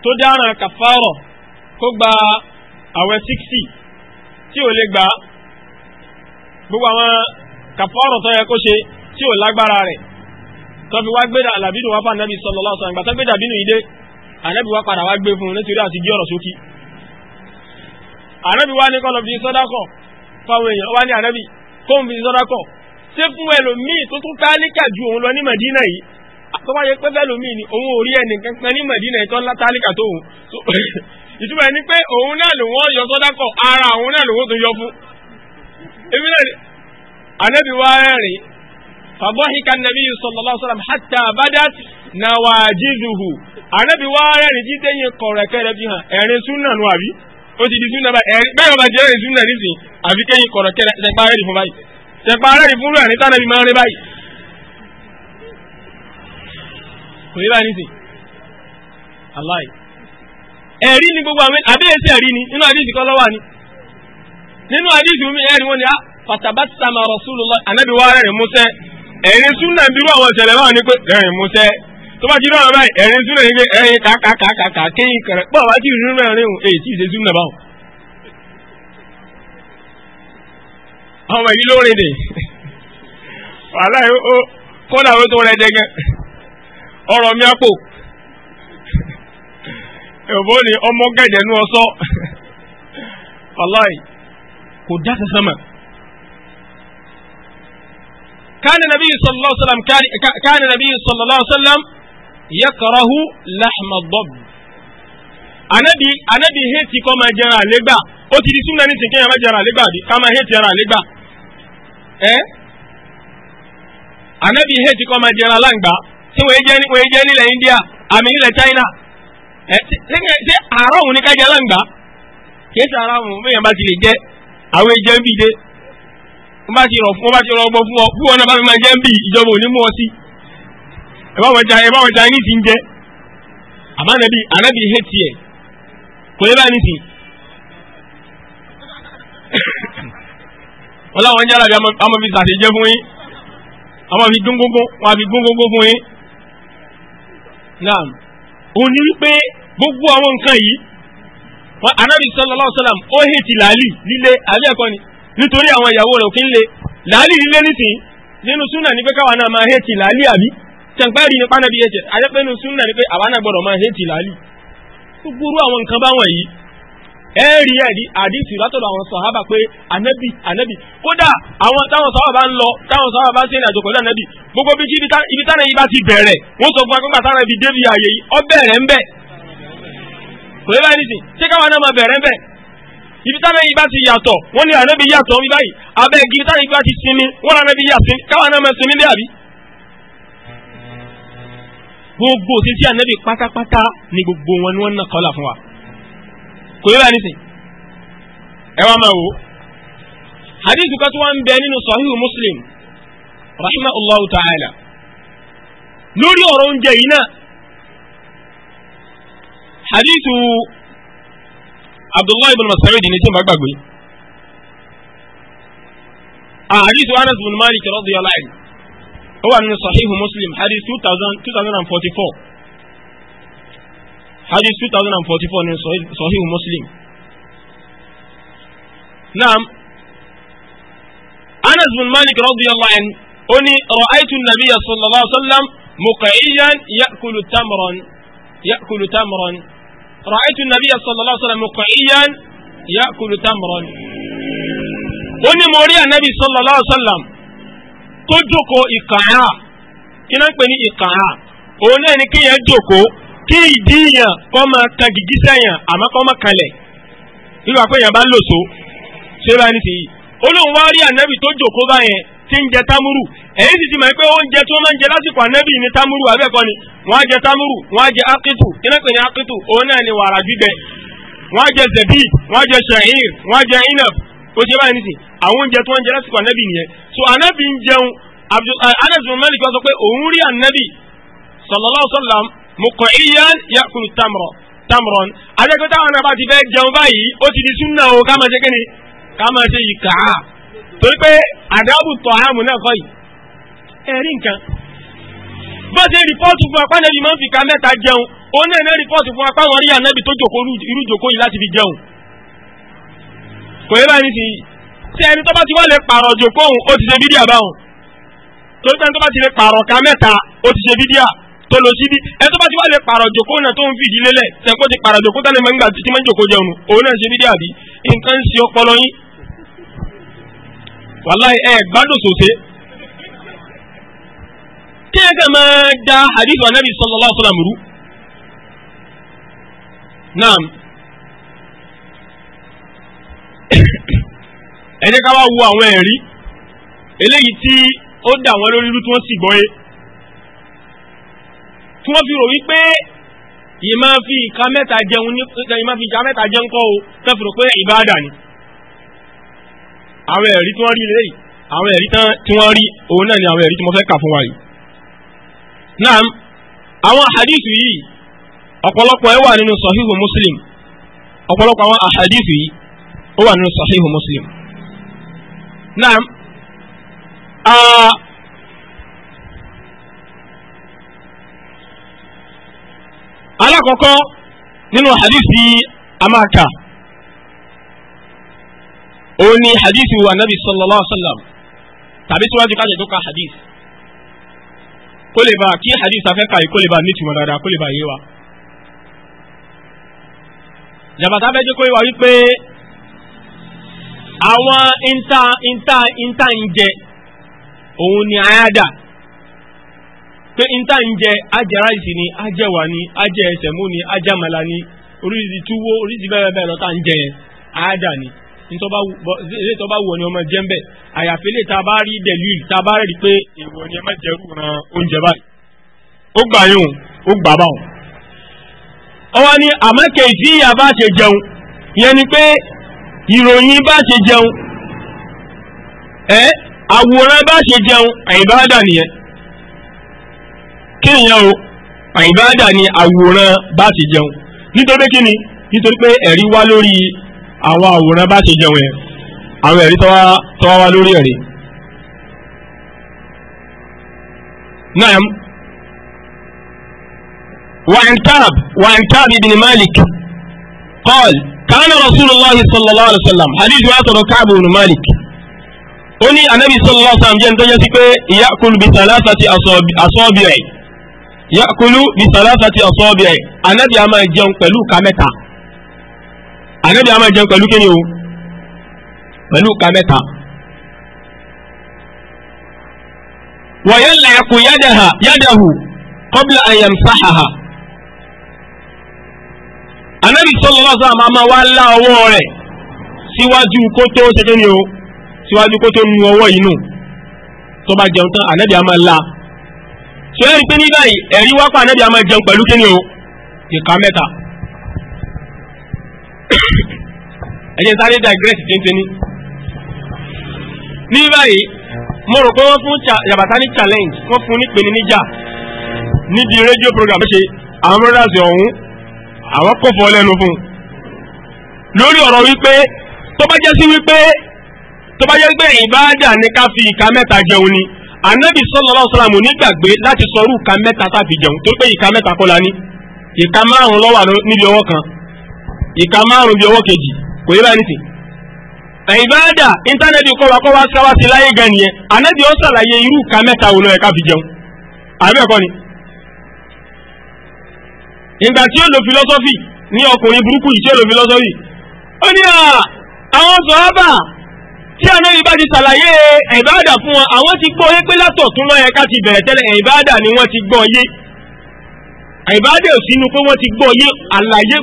tó dáràn kàfárọ̀ kó gba àwẹ̀ 60 tí ò lè gbà gbogbo àwọn kàfárọ̀ tó yẹ kó ṣe tí ò lágbára rẹ̀ tó fi wá gbé làbínú wá bá ànábì sallallahu alaihi wasallam ìgbà tó gbé dàbínú yìí dé ànábì wá padà wá gbé fún un nítorí àti gé ọ̀rọ̀ sókí. ànábì wá ní kọ́lọ̀ fi sọ́dákọ̀ fáwọn èèyàn wá ní ànábì kóun fi sọ́dákọ̀ ṣé fún ẹlòmíì tó tún tálíkà ju òun lọ ní Mẹ̀dínà yìí tó bá yẹ pé bẹ́ẹ̀ lómi ni òun ò rí ẹnì kankan ní Mẹ̀dínà yìí tó ńlá tálíkà tó òun ìtumọ̀ ẹni pé òun náà ló wọ́n yọ sọ́dákọ̀ ara òun náà ló wọ́n tún yọ fún. ebi náà ànábì wá rẹ́rìn فضحك النبي صلى الله عليه وسلم حتى بدت نواجذه anabi wa rẹ́rìn jíde yẹn kọ̀rọ̀ ẹ̀kẹ́ rẹ̀ fi hàn ẹ̀rin súnà nù àbí ó di súnà báyìí ẹ̀rin bẹ́ẹ̀ abi? jẹ́ ẹ̀rin súnà nísìn àfi kẹ́yìn kọ̀rọ̀ ẹ̀kẹ́ tẹ̀pa ni gbogbo àwọn ni nínú àdìsí kọ́ lọ́wọ́ ni nínú àdìsí ẹ̀rí wọn ni a fatabassama rasulullah anabi wa rẹ̀ ẹ̀rín súnà bírú àwọn ìṣẹ̀lẹ̀ báwọn ni pé ẹ̀rín musẹ́ tó bá ti rí ọ̀rọ̀ báyìí ẹ̀rín súnà ni pé ẹ̀rín kàkàkàkà kéyìn kẹrẹ pọ̀ wá sí ìrírí ẹ̀rín òun èyí tí ì ṣe súnà báwọn. àwọn ìlú lóore dè wàhálà ó kọ́dà ó tó rẹ jẹgẹ ọ̀rọ̀ mi àpò èbó ni ọmọ gẹ̀dẹ̀ nú ọsọ wàláì kò dá sẹ́sẹ́ mọ́. كان النبي صلى الله عليه وسلم كان, كان النبي صلى الله عليه وسلم يكره لحم الضب anabi anabi heti kọ́ máa jẹran àlégbà ó ti di súnmọ́ ní sìnkẹ́ yẹn máa jẹran àlégbà àbí ká máa heti ẹran àlégbà ẹ́ anabi heti kọ́ máa jẹran aláǹgbá tí wọ́n jẹ́ wọ́n jẹ́ nílẹ̀ India àmì nílẹ̀ China ẹ́ ṣé àárọ̀ òun ni ká jẹ aláǹgbá kì í àárọ̀ òun bẹ́ẹ̀ yẹn bá ti lè jẹ́ àwọn ẹ̀jẹ̀ ń dé wọ́n bá ti rọ̀ fún ọ bá ti rọ̀ ọgbọ́n fún ọ bí wọn náà bá fi máa jẹ́ ń bì ìjọba ò ní mú ọ sí ẹ bá wọn ja ẹ bá wọn ja ní ti ń jẹ àmọ́ ànábì ànábì hẹ́tì ẹ̀ kò yẹ báyìí nìsín wọ́n láwọn ń yára bí ọmọ fi sàṣẹ jẹ́ fún yín ọmọ fi gún gógó wọn fi gún gógó fún yín naam òun ni gbogbo àwọn nǹkan yìí wọn ànábì sallallahu ó hẹ́tì làálì líle àbí ẹ̀kọ́ ni nítorí àwọn ìyàwó rẹ̀ òfin le làálì lílé nìsín nínú súnà ní pé káwa náà máa hẹ́ẹ̀tì làálì àbí tẹ̀ǹpẹ́rì ní pánábí ẹ̀jẹ̀ àjẹpẹ́ nínú súnà ní pé àwa náà gbọ́dọ̀ máa hẹ́ẹ̀tì làálì gbogbo àwọn nǹkan báwọn yìí ẹ rí ẹ̀rí àdìsí látọ̀dọ̀ àwọn sọ̀hábà pé ànábì ànábì kódà àwọn táwọn sọ̀hábà ń lọ táwọn sọ̀hábà bá ń sẹ́yìn àjò pẹ̀lú ànábì gbogbo bí ibi táwọn yìí bá ti bẹ̀rẹ̀ wọ́n sọ fún wa kókà táwọn ibi débi ààyè yìí ọ bẹ̀rẹ̀ ń bẹ̀ kò lè báyìí nìsín ṣé káwọn náà máa bẹ̀rẹ̀ ń bẹ̀ ibi táwọn ẹ̀yìn bá ti yàtọ̀ wọ́n ní ànábì yàtọ̀ ní báyìí abẹ́ igi táwọn ẹ̀yìn bá ti sinmi wọ́n ní ànábì yàtọ̀ káwọn náà máa sinmi dé àbí. gbogbo òṣìṣẹ́ ànábì pátápátá ni gbogbo wọn ni wọ́n ń kọ́là fún wa kò yẹ báyìí nísìn ẹ wá máa wò ó hadith kan tó wá ń bẹ nínú sahih muslim Allah ta'ala lórí ọ̀rọ̀ oúnjẹ yìí náà hadithu abdullahi ibn mas'ud ni tí n bá gbàgbé àdìsí anas bin malik radiyallahu anhu ó wà nínú sahihu muslim hadis two thousand two thousand and forty four hadis two thousand and forty four nínú sahihu muslim naam anas bin malik radiyallahu anhu ó ní ra'aytu an-nabiyya sallallahu alaihi wasallam muqiyan ya'kulu tamran ya'kulu tamran. ra'aytu an-nabiy sallallahu alaihi wasallam qa'iyan ya'kulu tamran ó ní mo rí ànábì sallallahu alaihi wasallam tó jókòó ìkànnà kí náà ń pè ní ìkànnà òun náà ni kéèyàn jókòó kí ìdí yàn kọ́ máa kan gidi sẹ́yìn àmọ́ kọ́ máa kalẹ̀ nígbà pé yàn bá lòso ṣé bá ní ti yìí olóhùn wá rí ànábì tó jókòó báyẹn tí ń jẹ támúrù èyí sì ti mọ̀ pé oúnjẹ tí wọ́n máa ń jẹ lásìkò ànábì ní támúrù àbẹ́ẹ̀kọ́ ni wọ́n á jẹ támúrù wọ́n á jẹ ákítù kínápẹ̀ ní ákítù òun náà ni wàrà gbígbẹ wọ́n á jẹ zẹ̀bí wọ́n á jẹ ṣẹ̀hìn wọ́n á jẹ inab ó jẹ báyìí nìsín àwọn oúnjẹ tí wọ́n ń jẹ lásìkò ànábì nìyẹn so ànábì ń jẹun eh, Anas bin Malik sọ pé òun rí ànábì sallallahu alaihi wasallam muqiyan tamron adékòtà àwọn àbá ti fẹ́ jẹun báyìí ó ti di torí pé àdábù tọ̀ àmù náà kọ́ yìí ẹ̀rí nǹkan bó ṣe rìpọ́ọ̀tù fún apá nẹ́bí máa ń fi ka mẹ́ta jẹun ó náà ní rìpọ́ọ̀tù fún apá wọn rí ànẹ́bí tó jòkó irú jòkó yìí láti fi jẹun kò yẹ báyìí nísìnyí tí ẹni tó bá ti wá lè pààrọ̀ jòkó òun ó ti ṣe bídíà báwọn torí pé ẹni tó bá ti lè pààrọ̀ ka mẹ́ta ó ti ṣe bídíà tó lọ síbi ẹni tó bá ti wá lè pààrọ̀ jòkó náà tó ń fi ìdílé lẹ̀ tẹ̀kọ́ ti pààrọ̀ jòkó tẹ́lẹ̀ mẹ́ngbà títí mẹ́njòkó jẹun òun náà ṣe bídíà bí nǹkan ń ṣe ọpọlọ yín wàláì eh, ẹ gbádùn sòsè. kí ẹ kàn máa da hadith wa nabi sallallahu alaihi wa sallam rú. naam ẹ jẹ́ ká wá wo àwọn ẹ̀rí eléyìí tí ó dà wọ́n lórí irú tí wọ́n sì gbọ́ yé tí wọ́n fi rò wípé ìmáa fi ìka mẹ́ta jẹun kọ́ o tẹ́fìrò pé ìbáàdà ni. àwọn ẹ̀rí tí wọ́n rí lẹ́yìn àwọn ẹ̀rí tí wọ́n rí òun náà ni àwọn ẹ̀rí tí mo fẹ́ kà fún wa yìí. náà àwọn àhàdìsù yìí ọ̀pọ̀lọpọ̀ ẹ̀ wà nínú sọ̀híhù muslim ọ̀pọ̀lọpọ̀ àwọn àhàdìsù yìí ó wà nínú muslim. a máa ó ní hadith wa nabi sallallahu alaihi wa sallam tàbí síwájú ká ṣètò ka hadith kó lè bá kí hadith afẹ́ ka yìí kó lè bá ní ìtumọ̀ dáadáa kó lè bá yé wa. jàbàtà fẹ́ jẹ́ kó yé wípé àwọn ìta ìta ìta ń jẹ òun ni àyáda pé ìta ń jẹ ajẹ ráìsì ni ajẹ wà ni ajẹ ẹsẹ̀mú ni ajẹ àmàlà ni oríṣi túwó oríṣi bẹ́ẹ̀ bẹ́ẹ̀ lọ́ta ń jẹ àyáda ni. ilé tó bá wù ọ ni ọmọ jẹ́ ń bẹ̀ àyàfi ilé tá a bá rí dẹ̀lú tá a bá rí pé èèwọ̀ ni ẹ má jẹ́rú ran oúnjẹ báyìí ó gbà yóò ó gbà báwọn. ọwọ́ ni àmọ́ kejì ìyá bá ṣe jẹun ìyẹn ni pé ìròyìn bá ṣe jẹun ẹ àwòrán bá ṣe jẹun àyíbáàdà nìyẹn kí nìyẹn o àyíbáàdà ni àwòrán bá ṣe jẹun nítorí kí ni nítorí pé ẹ̀rí wá lórí àwọn àwòrán bá ṣe jẹun yẹn àwọn ẹ̀rí tọ́wá wá lórí ẹ̀rí. نعم وعن كعب وعن كعب بن مالك قال كان رسول الله صلى الله عليه وسلم حديث يعتبر كعب بن مالك أني النبي صلى الله عليه وسلم جن يأكل بثلاثة أصابع يأكل بثلاثة أصابع النبي أما جن قلو كمتا ànábì a máa jẹun pẹ̀lú kíni o pẹ̀lú ka mẹ́ta. wọ̀yẹ́ làákù yádàhà yádàhù kọ́bílà àyàm sáhàhà. ànábì sallallahu alaihi wasallam máa wá lá ọwọ́ rẹ̀ síwájú kó tó ṣe kíni o síwájú kó tó nu ọwọ́ yìí nù tó bá jẹun tán ànábì a máa la ṣé ẹ̀rí pé ní báyìí ẹ̀rí wá pa ànábì a máa jẹun pẹ̀lú kíni o ìka mẹ́ta. ẹ̀jẹ̀ sáré digress jẹ́ntẹ́ ní. ní báyìí mo rò pé wọ́n fún yàbàtà ní challenge wọ́n fún nípele níjà níbi rédíò program ṣe àwọn brothers ọ̀hún àwọn kò fọ́ lẹ́nu fún un. lórí ọ̀rọ̀ wípé tó bá jẹ́ sí wípé tó bá jẹ́ wípé ìbáàdà ni ká fi ìka mẹ́ta jẹun ni anabi sallallahu alaihi wasallam nígbàgbé láti sọrú ìka mẹ́ta tàbí jẹun tó pé ìka mẹ́ta kọ́ la ní ìka márùn-ún ló wà níbi ọwọ́ kan ìka márùn-ún bí ọwọ́ kejì kò yẹ báyìí nìsín. ìbáàdà íńtánẹ́ẹ̀tì kọ́wa kọ́wa sáwá sí láyé gan nìyẹn ànábì ó ṣàlàyé irú ìka mẹ́ta wò ló yẹ fi jẹun àbẹ́ ẹ̀kọ́ ni. ìgbà tí ó lo philosophy ní ọkùnrin burúkú yìí tí ó lo philosophy ó ní àwọn sọ̀hábà tí ànábì bá ti ṣàlàyé ìbáàdà fún wọn àwọn ti gbọ́ yé pé látọ̀tún ló yẹ ká ti bẹ̀rẹ̀ tẹ́lẹ̀ ìbáàdà ni wọ́n ti gbọ́ yé ìbáàdà ò pé wọ́n ti gbọ́ yé àlàyé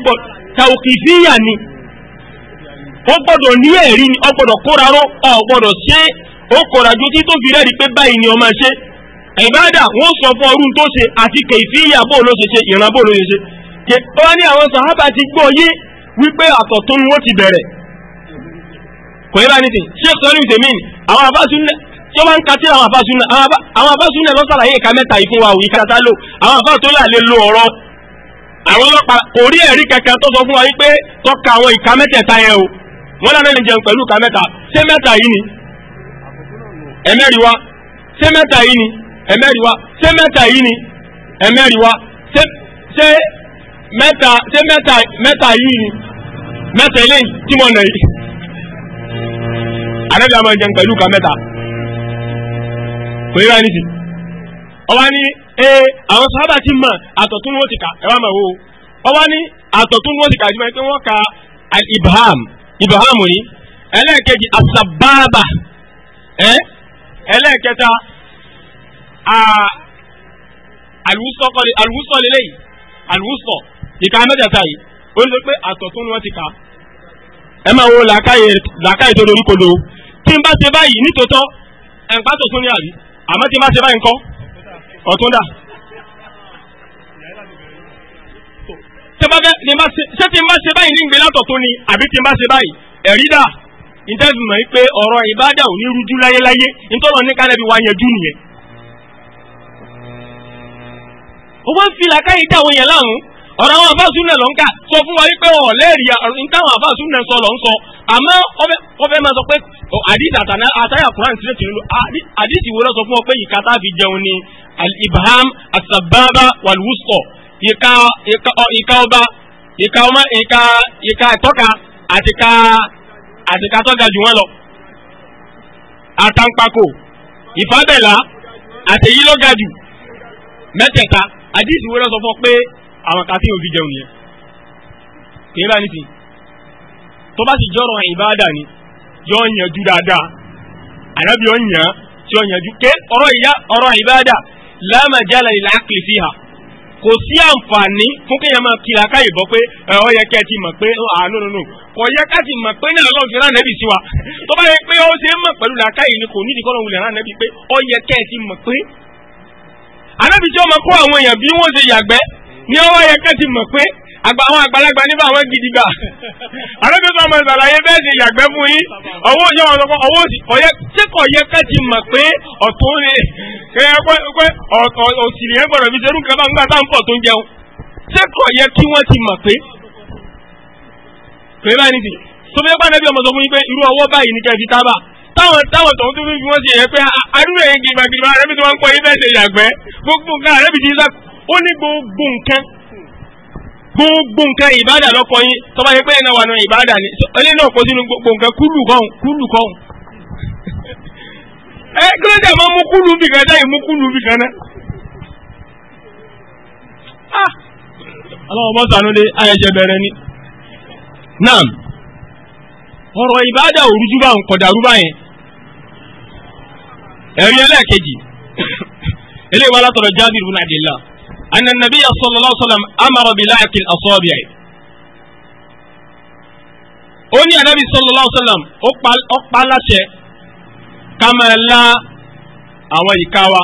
tàòkìfíyà ni ó gbọ́dọ̀ ní ẹ̀rí ni ó gbọ́dọ̀ kóra ró ó gbọ́dọ̀ ṣe ó kóra ju tí tó fi rẹ́ẹ̀rí pé báyìí ni ó máa ṣe ìbádà wọ́n sọ fún ọdún tó ṣe àti kèfíyà bó ló ṣe ṣe ìran bó ló ṣe ṣe kè ó ní àwọn sàhábà ti gbọ́ yé wípé àtọ̀ tó ń wó ti bẹ̀rẹ̀ kò yẹ bá ní sìn ṣé sọ ní ìtẹ̀mí àwọn àbáṣúnlẹ̀ tí wọ́n ń ka tí àwọn àbáṣúnlẹ̀ àwọn àbáṣúnlẹ̀ lọ́sàlàyé ìka mẹ́ta yìí wa òyìnká tá lò àwọn àbá tó yà lè lo ọ̀rọ̀ àwọn ọlọ́pàá kò rí ẹ̀rí kankan tó sọ fún wa yìí pé tọ́ka àwọn ìka mẹ́tẹ̀ẹ̀ta yẹn o wọ́n lánàá ní jẹun pẹ̀lú ìka mẹ́ta ṣé mẹ́ta yìí ni ẹ̀mẹ́rì wa ṣé mẹ́ta yìí ni ẹ̀mẹ́rì wa ṣé mẹ́ta yìí ni ẹ̀mẹ́rì wa ṣé mẹ́ta ṣé mẹ́ta mẹ́ta yìí ni mẹ́ta eléyìí tí mo nà yìí àrẹ́bí àwọn jẹun pẹ̀lú ìka mẹ́ta kò yíra ní ti ọba ní ee àwọn sábà ti mọ àtọ̀tún ni wọ́n ti kà ẹ wá mọ̀ o ọwọ́ ní àtọ̀tún ni wọ́n ti kà jùmọ̀ pé wọ́n ka ibham ibham ni ẹlẹ́ẹ̀kejì asababa ẹ ẹlẹ́ẹ̀kẹta àlùsọ kọ́lé àlùsọ lélẹ́yìí àlùsọ ìka mẹ́tẹ̀ẹ̀ta yìí ó ń sọ pé àtọ̀tún ni wọ́n ti kà ẹ máa wo làákàyè tó dorí kolo tí n bá ṣe báyìí nítòótọ́ ẹ̀ ń pàtó tún ní àrí àmọ́ tí n bá ṣe báyìí ńkọ́ ọ̀tún dà. tẹ́bàfẹ́ ṣé tí n bá ṣe báyìí ní ìgbélátọ̀ tó ni àbí tí n bá ṣe báyìí ẹ̀rí dà ìtẹ́sùmọ̀ yìí pé ọ̀rọ̀ ìbádà ò ní rújú láyéláyé nítorí ní kálẹ̀ bí wàá yanjú nìyẹn. ó wá ń fi làkàyè dá àwọn yẹn láàrún ọ̀rọ̀ àwọn àfáà súnà ló ń kà sọ fún wa wípé ọ̀ lẹ́rìí nǹkan àwọn àfáà súnà sọ ló ń sọ àmọ́ wọ́n fẹ́ máa sọ pé àdìsí oh, àtàná àtàyà Quran sílẹ̀ tìlú àdìsí wo ló sọ fún ọ pé ìka tá a fi jẹun ni al-ibham as-sababa wal-wusta ìka ọba ìka ọmọ ìka ìka ìtọ́ka àtìka àtìka tọ́ga jù wọ́n lọ àtàǹpàkò ìfábẹ́là àtẹ̀yí ló ga jù mẹ́tẹ̀ẹ̀ta àdìsí wo ló sọ fún ọ pé àwọn kan tí yóò fi jẹun nìyẹn kìí bá nìsín tó bá sì jọrọ ìbáàdà ni yọ yanjú dáadáa ànábì yọ yàn tí yọ yanjú ké ọ̀rọ̀ ìyá ọ̀rọ̀ ìbáàdà láàmà jálà ìlà àkìlì fi hà kò sí àǹfààní fún kéèyàn máa kiri akáyè bọ pé ẹ ọ yẹ kẹ ti mọ̀ pé àánú nínú kò yẹ ká ti mọ̀ pé ní Ọlọ́run fi ránẹbì sí wa tó bá yẹ pé ó ṣe é mọ̀ pẹ̀lú làákàyè ni kò nídìí kọlọrun lè ránẹbì pé ọ yẹ kẹ ti mọ̀ pé. ànábì tí kó àwọn èèyàn bí wọ́n ṣe yàgbẹ́ ní ọwọ́ yẹ kẹ́ ti mọ̀ pé àwọn àgbàlagbà nípa àwọn gidigba àrẹ́bíọ́sọ ọmọ ìsàlàyé bẹ́ẹ̀ ṣe yàgbẹ́ fún yín ọwọ́ òṣìṣẹ́ wọn lọ́kọ́ ọwọ́ òṣìṣẹ́ sẹ́kọ̀ yẹ kẹ́ ti mọ̀ pé ọ̀tún ni pé òṣìṣẹ́ yẹn gbọ́dọ̀ fi ṣerú nǹkan bá ń gbà tá ń pọ̀ tó ń jẹun sẹ́kọ̀ yẹ kí wọ́n ti mọ̀ pé pé báyìí nìdí tó fi pàdé bí ọmọ sọ fún yín pé irú ọwọ́ báyìí ní fi tábà táwọn táwọn tọ̀hún tó fi wọ́n ṣe yẹ pé arúgbó yẹn gidigba gidigba àrẹ́bí tí wọ́n ń pọ̀ yín bẹ́ẹ̀ ṣe yàgbẹ́ gbogbo nǹkan àrẹ́bí ti ń sàkó ó ní gbogbo nǹkan gbogbo nǹkan ìbádà lọ́kọ yín tó bá yẹ pé ẹ̀nà wà náà ìbádà ni ẹlẹ́ náà kó sínú gbogbo nǹkan kúlù kọ́hún kúlù kọ́hún. ẹ kí ló dé àwọn mú kúlù bì kan dáì mú kúlù bì kan náà. àwọn ah! ọmọ sànúdé ayẹyẹ bẹ̀rẹ̀ ni. náà ọ̀rọ̀ ìbádà òrùjú bá ń kọ̀dàrú báyẹn. ẹ̀rí ẹlẹ́ẹ̀kejì eléyìí wà látọ̀rọ̀ Jábìrù ibn Abdillah. أن النبي صلى الله عليه وسلم أمر بلعق الأصابع ó ní anabi sallallahu alaihi wasallam ó pa láṣẹ ká máa la àwọn ìka wa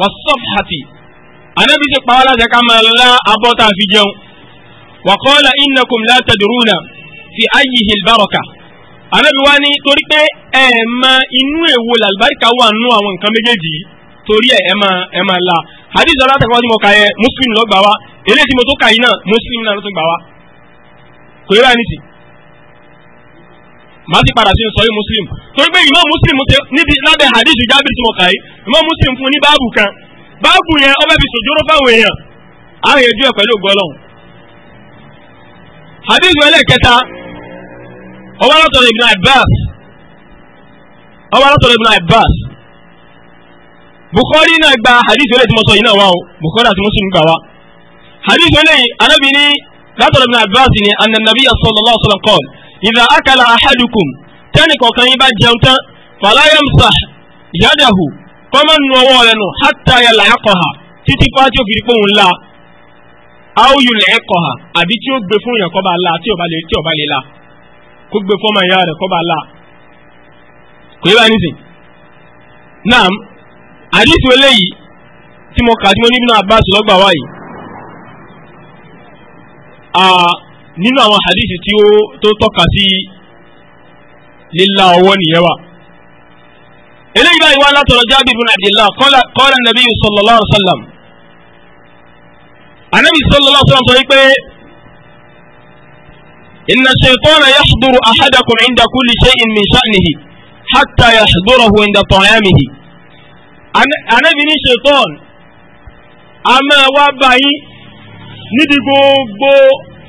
wà sọfhàtì anabi sì pa wá láṣẹ ká máa la abọ́ tá a fi jẹun wa qala innakum la tadruna fi ayyihi albaraka anabi wá ní torí pé ẹ̀ẹ̀ma inú èwo làlùbáríkà wà nù àwọn nǹkan méjèèjì yìí torí ẹ ẹ máa ẹ máa la hadith alátẹ̀kọ́ tí mo kà yẹ muslim ló gbà wá eléyìí tí mo tó kà yìí náà muslim náà ló tún gbà wá kò yẹ báyìí nìsí. màá ti padà sí sọ yìí muslim torí pé ìmọ̀ muslim ṣe níbi lábẹ́ hadith jábìrì tí mo kà yìí ìmọ̀ muslim fún ní báàbù kan báàbù yẹn ó fẹ́ fi sòjóró fáwọn èèyàn àwọn èèyàn ju ẹ̀ pẹ̀lú ògbọ́lọ́hùn. hadith ẹlẹ́kẹta ọwọ́ látọ̀rọ̀ ibn Abbas ọwọ́ látọ̀rọ̀ ibn Abbas bukhari náà gba hadith olè tí mo sọ yìí náà wá o bukhari àti muslim gbà wá hadith olè anabi ní látọ̀rọ̀ ibn abbas ni anna nabiyya sallallahu alaihi wasallam qala idha akala ahadukum tẹ́nì kọ̀ọ̀kan yín bá jẹun tán fala yamsah yadahu kọ́mọ nu ọwọ́ rẹ̀ nù hatta yal'aqaha títí pa tí ó fi rí pòun la aw yul'aqaha àbí tí ó gbé fún yàn kọ́ bá la tí ò bá lè tí ò bá lè la kó gbé fọ́mọ ìyá rẹ̀ kọ́ bá la kò yẹ bá nísìn naam àdìsí eléyìí tí mo kà tí mo ní Ibn Abbas lọ́gbà wáyé nínú àwọn àdìsí tí ó tó tọ́ka sí lílá ọwọ́ nìyẹn wà. eléyìí báyìí wá látọ̀rọ̀ Jabir ibn Abdillah qala nabiyyu sallallahu alaihi wasallam. anabi sallallahu alaihi wasallam sọ wípé inna shaytana yahduru ahadakum inda kulli shay'in min sha'nihi hatta yahdurahu inda ta'amihi ànábì ní ṣetán a máa wá bá yín níbi gbogbo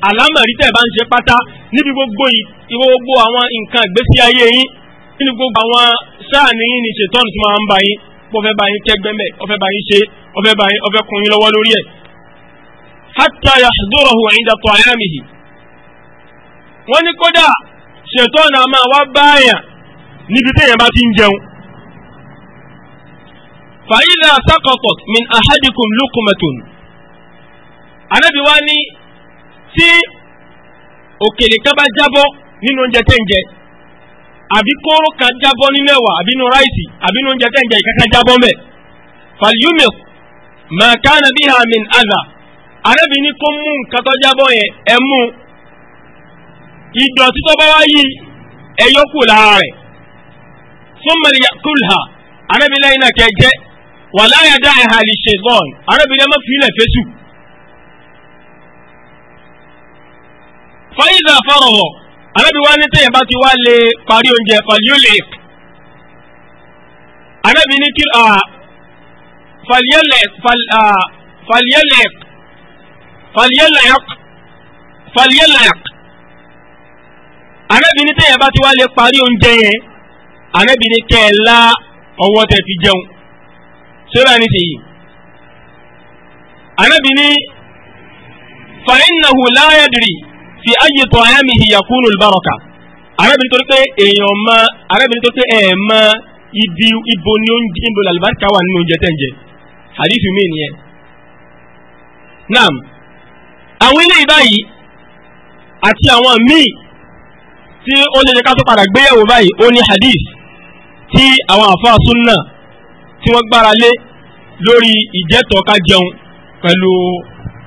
àlámọ̀rí tẹ̀ bá ń ṣe pátá níbi gbogbo gbogbo àwọn nǹkan ìgbésí ayé yín níbi gbogbo àwọn sáàni yín ní ṣetán tí máa ń bá yín bó fẹ́ bá yín kẹ́gbẹ́mẹ̀ ó fẹ́ bá yín ṣe ó fẹ́ bá yín ó fẹ́ yín lọ́wọ́ lórí ẹ̀. hatta wọ́n ní kódà ṣetán a máa wá báyà níbi téèyàn bá ti ń jẹun fàyídà sàkọ̀tọ̀ min ahadikum lukumatun anabi wa ni tí òkèlè kan bá jábọ́ nínú oúnjẹ tẹ́ ń jẹ àbí kóró kan jábọ́ nínú ẹ̀wà àbí nínú ráìsì àbí nínú oúnjẹ tẹ́ ń jẹ ìkankan jábọ́ mẹ́ falyumil ma min adha anabi ni kó mú nǹkan tó jábọ́ ẹ mú ìdọ̀tí tó bá wá yí ẹ yọ kù lára rẹ̀ anabi lẹ́yìn náà kẹ́ jẹ́ wàlá yàda ẹ̀hà lè ṣe bọ́ọ̀n arábìnrin ẹ̀ má fi ilẹ̀ fẹ́sù. fọ́yìnzà fọ́rọ̀wọ̀ arábìnrin wa ní tẹ̀yẹ̀ bá ti wá lè parí oúnjẹ fàlíọ́lẹ̀ arábìnrin kí fàlíọ́lẹ̀ fàlíọ́lẹ̀ fàlíọ́lẹ̀ fàlíọ́lẹ̀ arábìnrin tẹ̀yẹ̀ bá ti wá lè parí oúnjẹ yẹn arábìnrin kẹ́ẹ̀ la ọwọ́ tẹ̀ fi jẹun sórí àní ti yìí. Ànábì ní fa innahu la yadri fi ayyi ta'amihi yakunu al-baraka. Ànábì ní torí pé èèyàn ma Ànábì ní torí pé ẹ̀ ma ibi ibo ni oúnjẹ ibo làlùbáríkà wà nínú oúnjẹ tẹ̀ ń jẹ. Hadithu mi nìyẹn. Naam, àwọn ilé ìbáyìí àti àwọn míì tí ó lè ká tó padà gbéyàwó báyìí ó ní hadith tí àwọn àfa sunna tí wọ́n gbára lé lórí ìjẹ́tọ̀ ká jẹun pẹ̀lú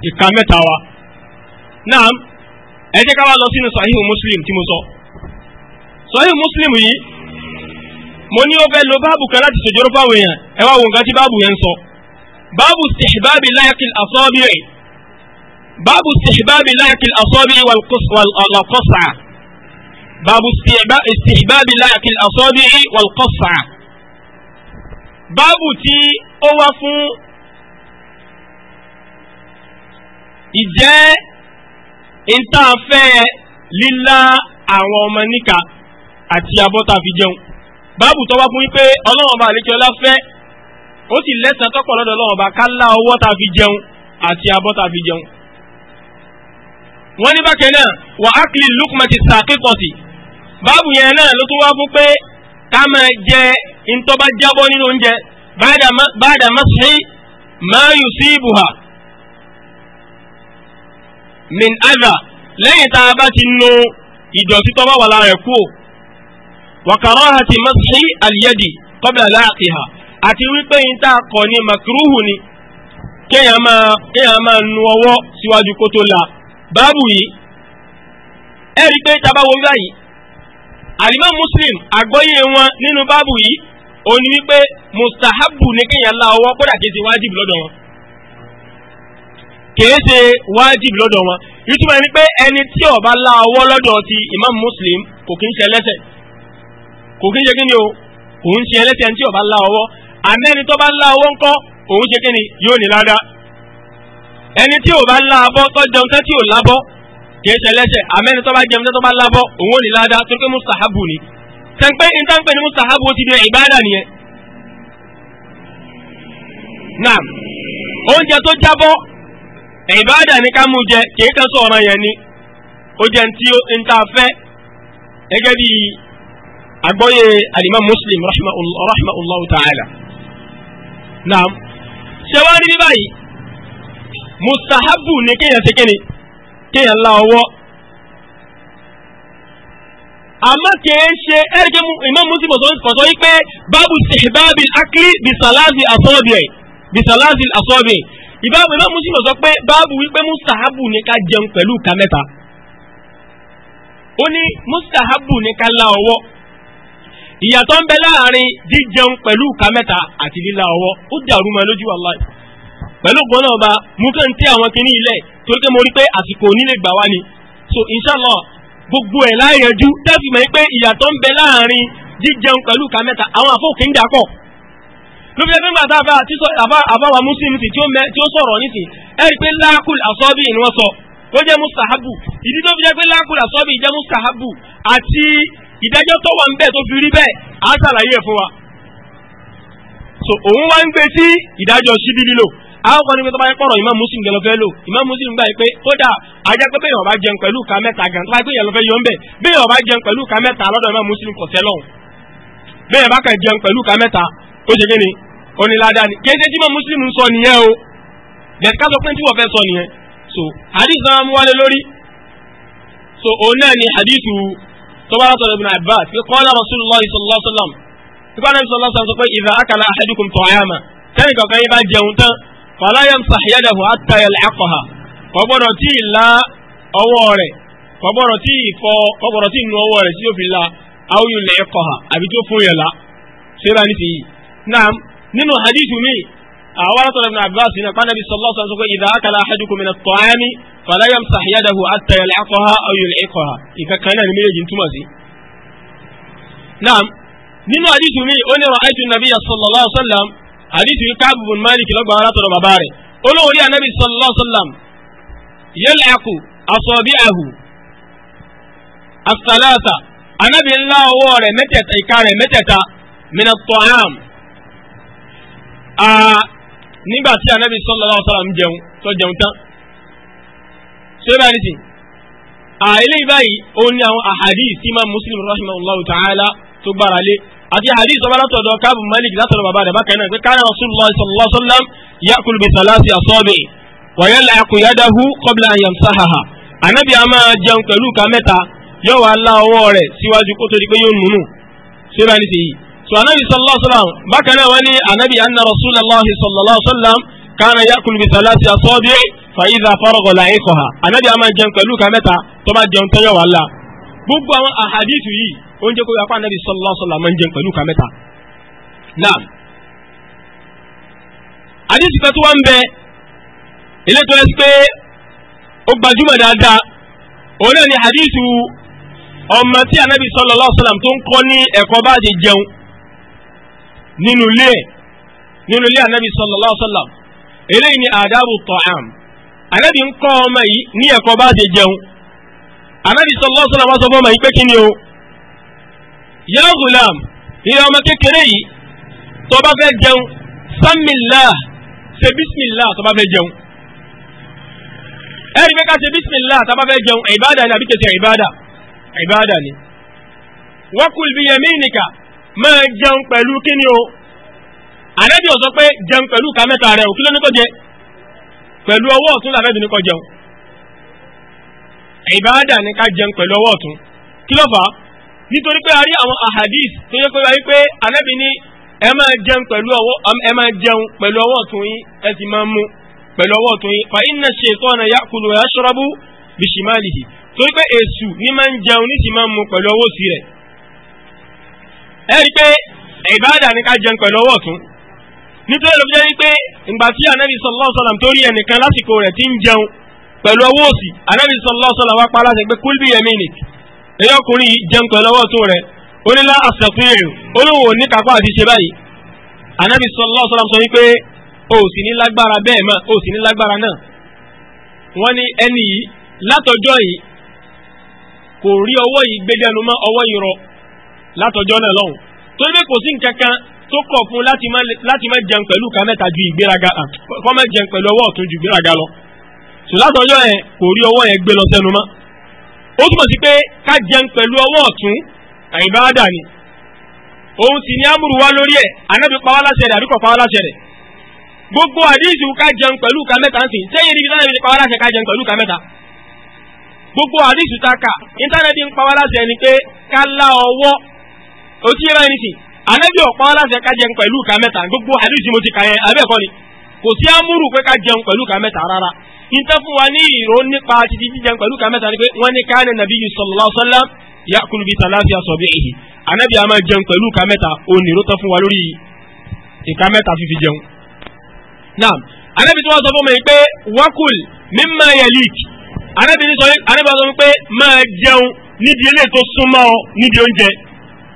ìka mẹ́ta wa. náà ẹ jẹ́ ká wá lọ sínú sahihu muslim tí mo sọ. sahihu muslim yìí mo ní ó fẹ́ lo báàbù kan láti ṣèjọ́rò fáwọn èèyàn ẹ wá wo nǹkan tí báàbù yẹn sọ. báàbù istihbabi láyàkìl àsọ́bìrì báàbù istihbabi láyàkìl àsọ́bìrì wàlkọ́sà báàbù istihbabi láyàkìl àsọ́bìrì wàlkọ́sà báàbù tí ó wá fún ìjẹ́ ìtàfẹ́ lílá àwọn ọmọ níka àti abọ́ta fi jẹun báàbù tó wá fún wípé ọlọ́wọ́n bá àlékè ọlá fẹ́ ó sì lẹ́sàn tọ́pọ̀ lọ́dọ̀ ọlọ́wọ́n bá ká ọwọ́ ta fi jẹun àti abọ́ta fi jẹun wọ́n ní bákẹ́ náà wà á kìlì lukmati sàkíkọ̀tì báàbù yẹn náà ló tún wá fún pé Kama máa jẹ ntọ́ba jábọ́ nínú oúnjẹ báàdà mọ́sùlẹ́ máa yù sí ibùhà min adha lẹ́yìn tá a bá ti nu ìdọ̀tí tọ́ba wà lára ẹ̀ kú wa karahati mashi al-yadi qabla laqiha àti wípé yìí tá a kọ̀ ní makruhu ni kéèyàn máa kéèyàn nu ọwọ́ síwájú kó tó la báàbù yìí ẹ̀rí pé tá a bá wo báyìí àlìmọ́ muslim àgbọ́yé wọn nínú báàbù yìí ó ní wípé mustahabu ní kéèyàn la ọwọ́ kódà kìí ṣe wájib lọ́dọ̀ wọn kìí ṣe wájib lọ́dọ̀ wọn ìtumọ̀ ni pé ẹni tí ó la ọwọ́ lọ́dọ̀ ti imam muslim kò kí ń ṣe ẹlẹ́ṣẹ̀ kò kí ń ṣe kíni o kò ń ṣe ẹlẹ́ṣẹ̀ ẹni tí ó bá la ọwọ́ àmẹ́ni tó bá la ọwọ́ ńkọ́ òun ṣe kíni yóò ní ládàá ẹni tí ó la abọ́ tọ́jọ́ nǹkan tí ò lábọ́ kìí ṣẹlẹ́ṣẹ̀ àmẹ́ni tó bá jẹun tó bá lábọ́ òun ò ní ládá tó pé mustahabu ni tẹ́ńpẹ́ ìtànpẹ́ ni mustahabu ti di ìbáàdà nìyẹn. náà oúnjẹ tó jábọ́ ìbáàdà ní ká mú jẹ kìí kan sọ ọ̀ràn yẹn ni ó jẹ́ ti ń ta fẹ́ gẹ́gẹ́ bí àgbọ́yé alimam muslim ta'ala. náà ṣe wá rí báyìí mustahabu ni kéèyàn ṣe kéèyàn kéèyàn lá ọwọ́ àmọ́ kìí ṣe ẹ̀rẹ́gẹ́ Imam Muslim kò sọ wípé báàbù sèhbáàbì akli bisalazi asọ́bìẹ̀ bisalasi asọ́bìẹ̀ ìbáàbù Imam Muslim sọ pé báàbù wípé mustahabu ní ká jẹun pẹ̀lú ìka mẹ́ta ó ní mustahabu ní ká lá ọwọ́ ìyàtọ̀ ń bẹ láàrin jíjẹun pẹ̀lú ìka mẹ́ta àti lílá ọwọ́ ó dàrú mọ́ lójú wàláì pẹ̀lú gbọ́nà ọba mú kàn tí àwọn kìíní ilẹ̀ torí pé mo rí pé àsìkò onílé gbà wá ni so inshallah gbogbo ẹ̀ láyẹ̀jú tẹ́sí mọ̀ pé ìyàtọ̀ ń bẹ láàrin jíjẹun pẹ̀lú ìka mẹ́ta àwọn àfọ̀kì ń dàpọ̀ ló fi ẹgbẹ́ gbàtà àfà àti àbáwa muslim ti tí ó sọ̀rọ̀ nísìn ẹ rí pé láàkùl àsọ́bì ni wọ́n sọ ó jẹ́ mustahabu ìdí tó fi jẹ́ pé láàkùl àsọ́bì jẹ́ mustahabu àti ìdájọ́ tó wà ń bẹ̀ tó fi rí bẹ́ẹ̀ á ṣàlàyé ẹ̀ fún wa so òun wá ń gbé sí ìdájọ́ síbí lílò àwọn kan ní pé tó bá yẹ pọ̀rọ̀ Imam Muslim gẹ̀ lọ́fẹ́ lò Imam Muslim gbà yẹ pé kódà ajá pé bẹ́ẹ̀ ọba jẹun pẹ̀lú ka mẹ́ta gan tó bá yẹ pé yẹn lọ́fẹ́ yọ ń bẹ̀ bẹ́ẹ̀ jẹun pẹ̀lú ka mẹ́ta lọ́dọ̀ Imam Muslim kọ̀ sẹ́lọ̀ bẹ́ẹ̀ bá kàn jẹun pẹ̀lú ka mẹ́ta ó ṣe kíni ó ní ládàá ni kéde tí Imam Muslim sọ nìyẹn o yẹn ká sọ pé tí wọ́n fẹ́ sọ nìyẹn so hadith náà mú so òun náà ni hadith tó bá lọ́tọ̀ Ibn Abbas pé qala Rasulullah sallallahu alaihi wasallam nípa náà sallallahu alaihi wasallam sọ pé idha akala ahadukum ta'ama tẹ́nìkọ̀ọ̀kan yín bá fala yamsah yadahu hatta yal'aqaha kọ́gbọ́dọ̀ tí ì la ọwọ́ rẹ̀ kọ́gbọ́dọ̀ tí ì fọ kọ́gbọ́dọ̀ tí ì nu ọwọ́ rẹ̀ tí yóò fi la aw yul'aqaha àbí tó fún yẹn la ṣéra ní ti yìí. naam nínú hadithu mi àwọn aratọ̀ ibn abbas ní apá nabi sallallahu alaihi wasallam idha akala ahadukum min at-ta'ami fala yamsah yadahu hatta yal'aqaha aw yul'aqaha ìkankan náà ni méjèèjì túmọ̀ sí. naam nínú hadithu mi ó ní ra'aytu nabiyya sallallahu alaihi wasallam àdìsí káàbù bùn malik lọ́gbà ara tọ̀dọ̀ bàbá rẹ̀ olóòrí anabi sallallahu alayhi wa sallam yal'aqu asabi'ahu asalasa anabi ńlá ọwọ́ rẹ̀ mẹ́tẹ̀ẹ̀ta ìka rẹ̀ mẹ́tẹ̀ẹ̀ta mina tọ́hám nígbà tí anabi sallallahu alayhi wa sallam jẹun tó jẹun tán ṣé bá nìsín àìlè báyìí òun ni àwọn àhàdí sí imam muslim rahimahullahu ta'ala tó gbára lé àti àdí ìsọ̀bálátọ̀ ọ̀dọ̀ káàbù malik látọ̀dọ̀ bàbá rẹ̀ bákan náà pé káàrà rasulullah sallallahu alaihi wasallam yakul bi salasi asọ́bì wọ̀yẹ́ làákù yadahu qabla yamsahaha ànábì a máa jẹun pẹ̀lú ka mẹ́ta yóò wá lá ọwọ́ rẹ̀ síwájú kó tó di pé yóò nùnú ṣé bá ní ti yìí. sọ ànábì sallallahu alaihi wasallam bákan náà wọ́n ní ànábì anna rasulullah sallallahu alaihi wasallam káàrà yakul bi salasi asọ́bì fa idha faragha la'iqaha ànábì a jẹun pẹ̀lú ka mẹ́ta tó bá jẹun tán yóò wá lá gbogbo àwọn àhàdìsù yìí oúnjẹ kó yàpá anabi sallallahu alaihi wasallam máa ń jẹun pẹ̀lú nǹkan mẹ́ta. náà àdìsí kan tó wá ń bẹ ilé tó lẹ́sí pé ó gbajúmọ̀ dáadáa òun náà ni àdìsí ọmọ tí anabi sallallahu alaihi wasallam tó ń kọ́ ní ẹ̀kọ́ bá ṣe jẹun nínú ilé ẹ̀ nínú ilé anabi sallallahu alaihi wasallam eléyìí ni àdábù ta'am anabi ń kọ́ ọmọ yìí ní ẹ̀kọ́ bá ṣe jẹun anabi sallallahu alaihi wasallam wá sọ fún ọmọ yìí pé kí ni o ya gulam ìyá ọmọ kékeré yìí tó bá fẹ́ jẹun sámìlá ṣe bísímìlá tó bá fẹ́ jẹun ẹ̀rí pé ká ṣe bísímìlá tó bá fẹ́ jẹun ìbáàdà ni àbí kèsì ìbáàdà ìbáàdà ni wakul bi yaminika máa jẹun pẹ̀lú kíni o àrẹ́bí ò sọ pé jẹun pẹ̀lú ka mẹ́ta rẹ ò kí jẹ pẹ̀lú ọwọ́ ọ̀tún làrẹ́bí ní jẹun ìbáàdà ni ká jẹun pẹ̀lú ọwọ́ ọ̀tún kí ló fà á nítorí pé a rí àwọn ahadith tó yẹ pé wáyé pé anábì ní ẹ máa jẹun pẹ̀lú ọwọ́ ẹ máa jẹun pẹ̀lú ọwọ́ ọ̀tún yín ẹ sì máa mu pẹ̀lú ọwọ́ ọ̀tún yín fa inna shaytana ya'kulu wa yashrabu bishimalihi torí pé èṣù ní máa ń jẹun ní sì máa mu pẹ̀lú ọwọ́ òsì rẹ̀ ẹ rí pé ìbáàdà ni ká jẹun pẹ̀lú ọwọ́ ọ̀tún nítorí ló fi jẹ́ wípé ìgbà tí anabi sallallahu sallam tó rí ẹnìkan lásìkò rẹ̀ ti ń jẹun pẹ̀lú ọwọ́ sallallahu sallam wá pa láti pé kúlbí yaminik ẹ̀yọ́ ọkùnrin yìí jẹun pẹ̀lú ọwọ́ ọ̀tún rẹ̀ ó ní lá àṣẹ̀fúnyẹ̀rù olóhùn ò ní kápá àti ṣe báyìí ànábì sallallahu alaihi wasallam sọ wípé o ò sì ní lágbára bẹ́ẹ̀ mà o ò sì ní lágbára náà wọ́n ní ẹni yìí látọjọ́ yìí kò rí ọwọ́ yìí gbé dẹnu mọ́ ọwọ́ yìí rọ látọjọ́ náà lọ́hùn torí pé kò sí nǹkan kan tó kọ̀ fún láti má jẹun pẹ̀lú ka mẹ́ta ju ìgbéraga kọ́ má jẹun pẹ̀lú ọwọ́ ọ̀tún ju ìgbéraga lọ sùn látọjọ́ yẹn kò rí ọwọ́ yẹn gbé lọ sẹ́nu mọ́ ó túmọ̀ sí pé ká jẹun pẹ̀lú ọwọ́ ọ̀tún àyìnbáadà ni òun sì ní amúrù wá lórí ẹ̀ anábì pa wá láṣẹ rẹ̀ àbíkọ̀ pa wá láṣẹ rẹ̀ gbogbo àdíìsì ká jẹun pẹ̀lú ka mẹ́ta ń sìn sẹ́yìn níbi náà ní pa wá láṣẹ ká jẹun pẹ̀lú ka mẹ́ta gbogbo àdíìsì ta kà íńtánẹ́ẹ̀tì ń pa wá láṣẹ ni pé ká lá ọwọ́ òtí yẹn báyìí nìsín anábì ọ̀pá wá láṣẹ ká jẹun pẹ̀lú ka mẹ́ta gbogbo àdíìsì mo ti kà yẹn abẹ́ẹ̀kọ́ ni kò sí amúrù pé ká jẹun pẹ̀lú ka mẹ́ta rárá ìtàn fún wa ní ìró nípa títí jíjẹun pẹ̀lú ká mẹ́ta ni pé wọ́n ní káàní nàbí yìí sallallahu alaihi wasallam yakulu bi talafia sabihi anabi a máa jẹun pẹ̀lú ká mẹ́ta oníró tán fún wa lórí ìka mẹ́ta fífi jẹun. naam anabi tí wọ́n sọ fún mi pé wakul mimma yalik anabi sọ anabi sọ pé máa jẹun níbi eléyìí tó súnmọ́ ọ níbi oúnjẹ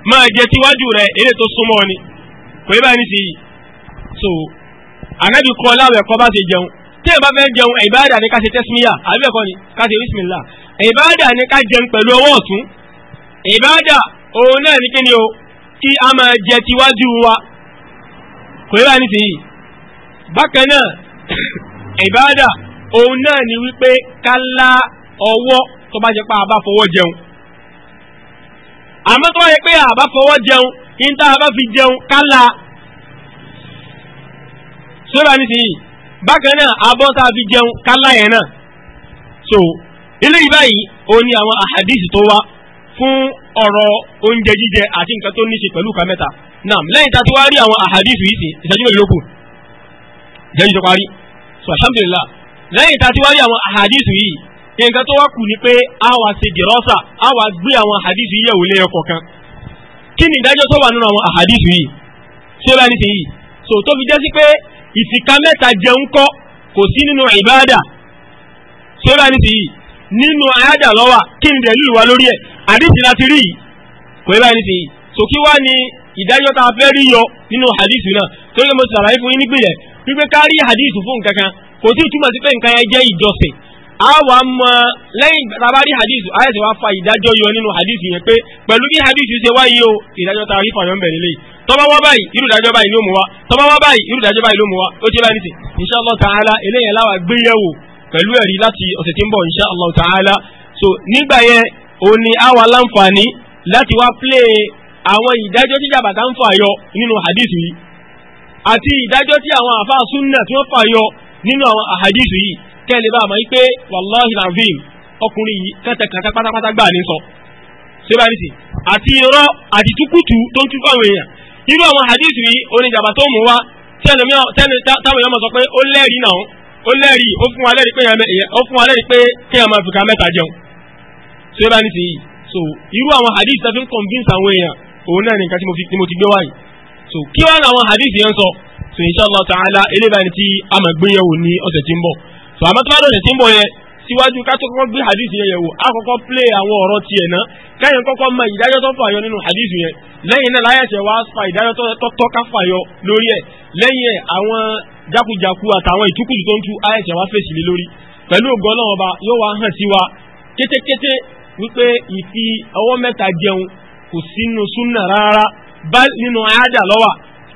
máa jẹ síwájú rẹ eléyìí tó súnmọ́ ọ ni kò so anabi kọ́ láwọn ẹ̀kọ́ bá ṣe tí èèyàn bá fẹ́ jẹun ìbáàdà ni ká ṣe tẹ́símíyà àbí bẹ́ẹ̀ kọ́ ni ká ṣe bísímìlá ìbáàdà ni ká jẹun pẹ̀lú ọwọ́ ọ̀tún ìbáàdà òun náà ní kíni o kí a máa jẹ tiwájú wa kò yẹ bá ní sèyí bákan náà ìbáàdà òun náà ni wípé ká lá ọwọ́ tó bá jẹ pé a bá fọwọ́ jẹun àmọ́ tó bá yẹ pé a bá fọwọ́ jẹun kí n tá a bá fi jẹun ká lá sóyè ní sèyí bákan náà abọ́ tá a fi jẹun kálá yẹn náà so eléyìí báyìí o ní àwọn àhàdísì tó wá fún ọ̀rọ̀ oúnjẹ jíjẹ àti nǹkan tó ní ṣe pẹ̀lú ìka mẹ́ta náà lẹ́yìn tá a ti wá rí àwọn àhàdísì yìí sí ìṣẹ́jú mélòó lókù ìṣẹ́jú tó parí so alhamdulillah lẹ́yìn tá a ti wá rí àwọn àhàdísì yìí nǹkan tó wá kù ni pé a wá ṣe dìrọ́sà a wá gbé àwọn àhàdísì yìí yẹ̀wò lẹ́yọ kọ̀ọ̀kan kí ni ìdájọ́ tó wà nínú àwọn àhàdísì yìí ṣé bá ní ti yìí so tó fi jẹ́ sí pé ìfìkà mẹ́ta jẹun kọ́ kò sí nínú ìbáàdà sóra ní sèyí nínú àyájà lọ́wà kí ni dẹ̀lú ìwà lórí ẹ̀ àdìsí láti rí yìí kò ẹ báyìí ní sèyí so kí wá ní ìdájọ́ tá a fẹ́ rí yọ nínú àdìsí náà torí mo sàlàyé fún yín nígbìyẹn wípé ká rí àdìsí fún nǹkan kan kò tí ì sí pé nǹkan yẹn jẹ́ ìjọsìn àwa mọ lẹ́yìn tabari hadith ayé ti wá fa ìdájọ́ yọ nínú hadith yẹn pé pẹ̀lú bí hadith ṣe wáyé o ìdájọ́ ta rí fàyọ̀ ń bẹ̀rẹ̀ léyìí tọ́ba wá báyìí irú ìdájọ́ báyìí ló mú wa tọ́ba wá báyìí irú ìdájọ́ báyìí ló mú wa ó ti bá nìsín insha Allah ta'ala eléyẹn láwa gbé yẹ̀wò pẹ̀lú ẹ̀rí láti ọ̀sẹ̀ tí ń bọ̀ insha Allah ta'ala so nígbà yẹn òun ni àwa láǹfààní láti wá play àwọn ìdájọ́ tí jàbàtà ń fàyọ nínú hadith yìí àti ìdájọ́ tí àwọn àfa sunna tí wọ́n fàyọ nínú àwọn hadith yìí kẹ́lẹ̀ bá àmọ́ wípé wàláhì làvim ọkùnrin yìí kẹ́tẹ̀kẹ́tẹ́ pátápátá gbà ní sọ sébàrìsì àti irọ́ àti tukutu tó ń túkọ̀ àwọn èèyàn irú àwọn hadith yìí oníjàmbá tó mú wa táwọn èèyàn sọ pé ó lẹ́rìí náà ó lẹ́rìí ó fún wa lẹ́rìí pé kéèyàn máa mẹ́ta jẹun so irú àwọn hadith tó fi ń convince àwọn èèyàn òun náà nìkan tí mo ti gbé wáyìí so kí wá làwọn hadith yẹn sọ so inshallah ta'ala so àmọ́ tó bá dọ̀nà tí ń bọ̀ yẹn síwájú ká tó kọ́kọ́ gbé hadith yẹn yẹ̀wò á kọ́kọ́ plé àwọn ọ̀rọ̀ tiẹ̀ ná káyọ̀ kọ́kọ́ mọ ìdájọ́ tó fàyọ nínú hadith yẹn lẹ́yìn náà láyàṣẹ wa fa ìdájọ́ tó tọ́ ká fàyọ lórí ẹ̀ lẹ́yìn ẹ̀ àwọn jákujàku àtàwọn ìtúkùtù tó ń tu ayẹṣẹ wa fèsì lé lórí pẹ̀lú ògo Ọlọ́run ọba yóò wá hàn sí wa kétékété wípé ìfi ọwọ́ mẹ́ta jẹun kò sínú súnà rárá bá nínú àádà lọ́wà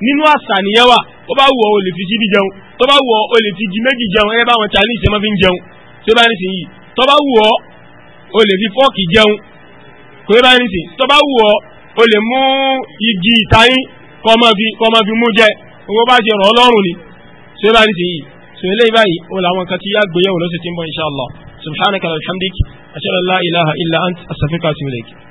nínú àṣà nìyẹn wà ó bá wù ọ́ o lè fi síbi jẹun tó bá wù ọ́ o lè fi igi méjì jẹun ẹ bá wọn chinese ẹ máa fi ń jẹun tó bá nísìn yìí tó bá wù ọ́ o lè fi fọ́ọ̀kì jẹun kò bá nísìn tó bá wù ọ́ o lè mú igi ìtayín kọ́ máa fi kọ́ máa fi mú jẹ owó bá ṣe rọ̀ ọ́ lọ́rùn ni tó bá nísìn yìí tó eléyìí báyìí o làwọn kan ti yá gbéyàwó lọ́sẹ̀ tí ń bọ̀ inshallah subhanaka alhamdulilayi ashhadu an illa ant astaghfiruka wa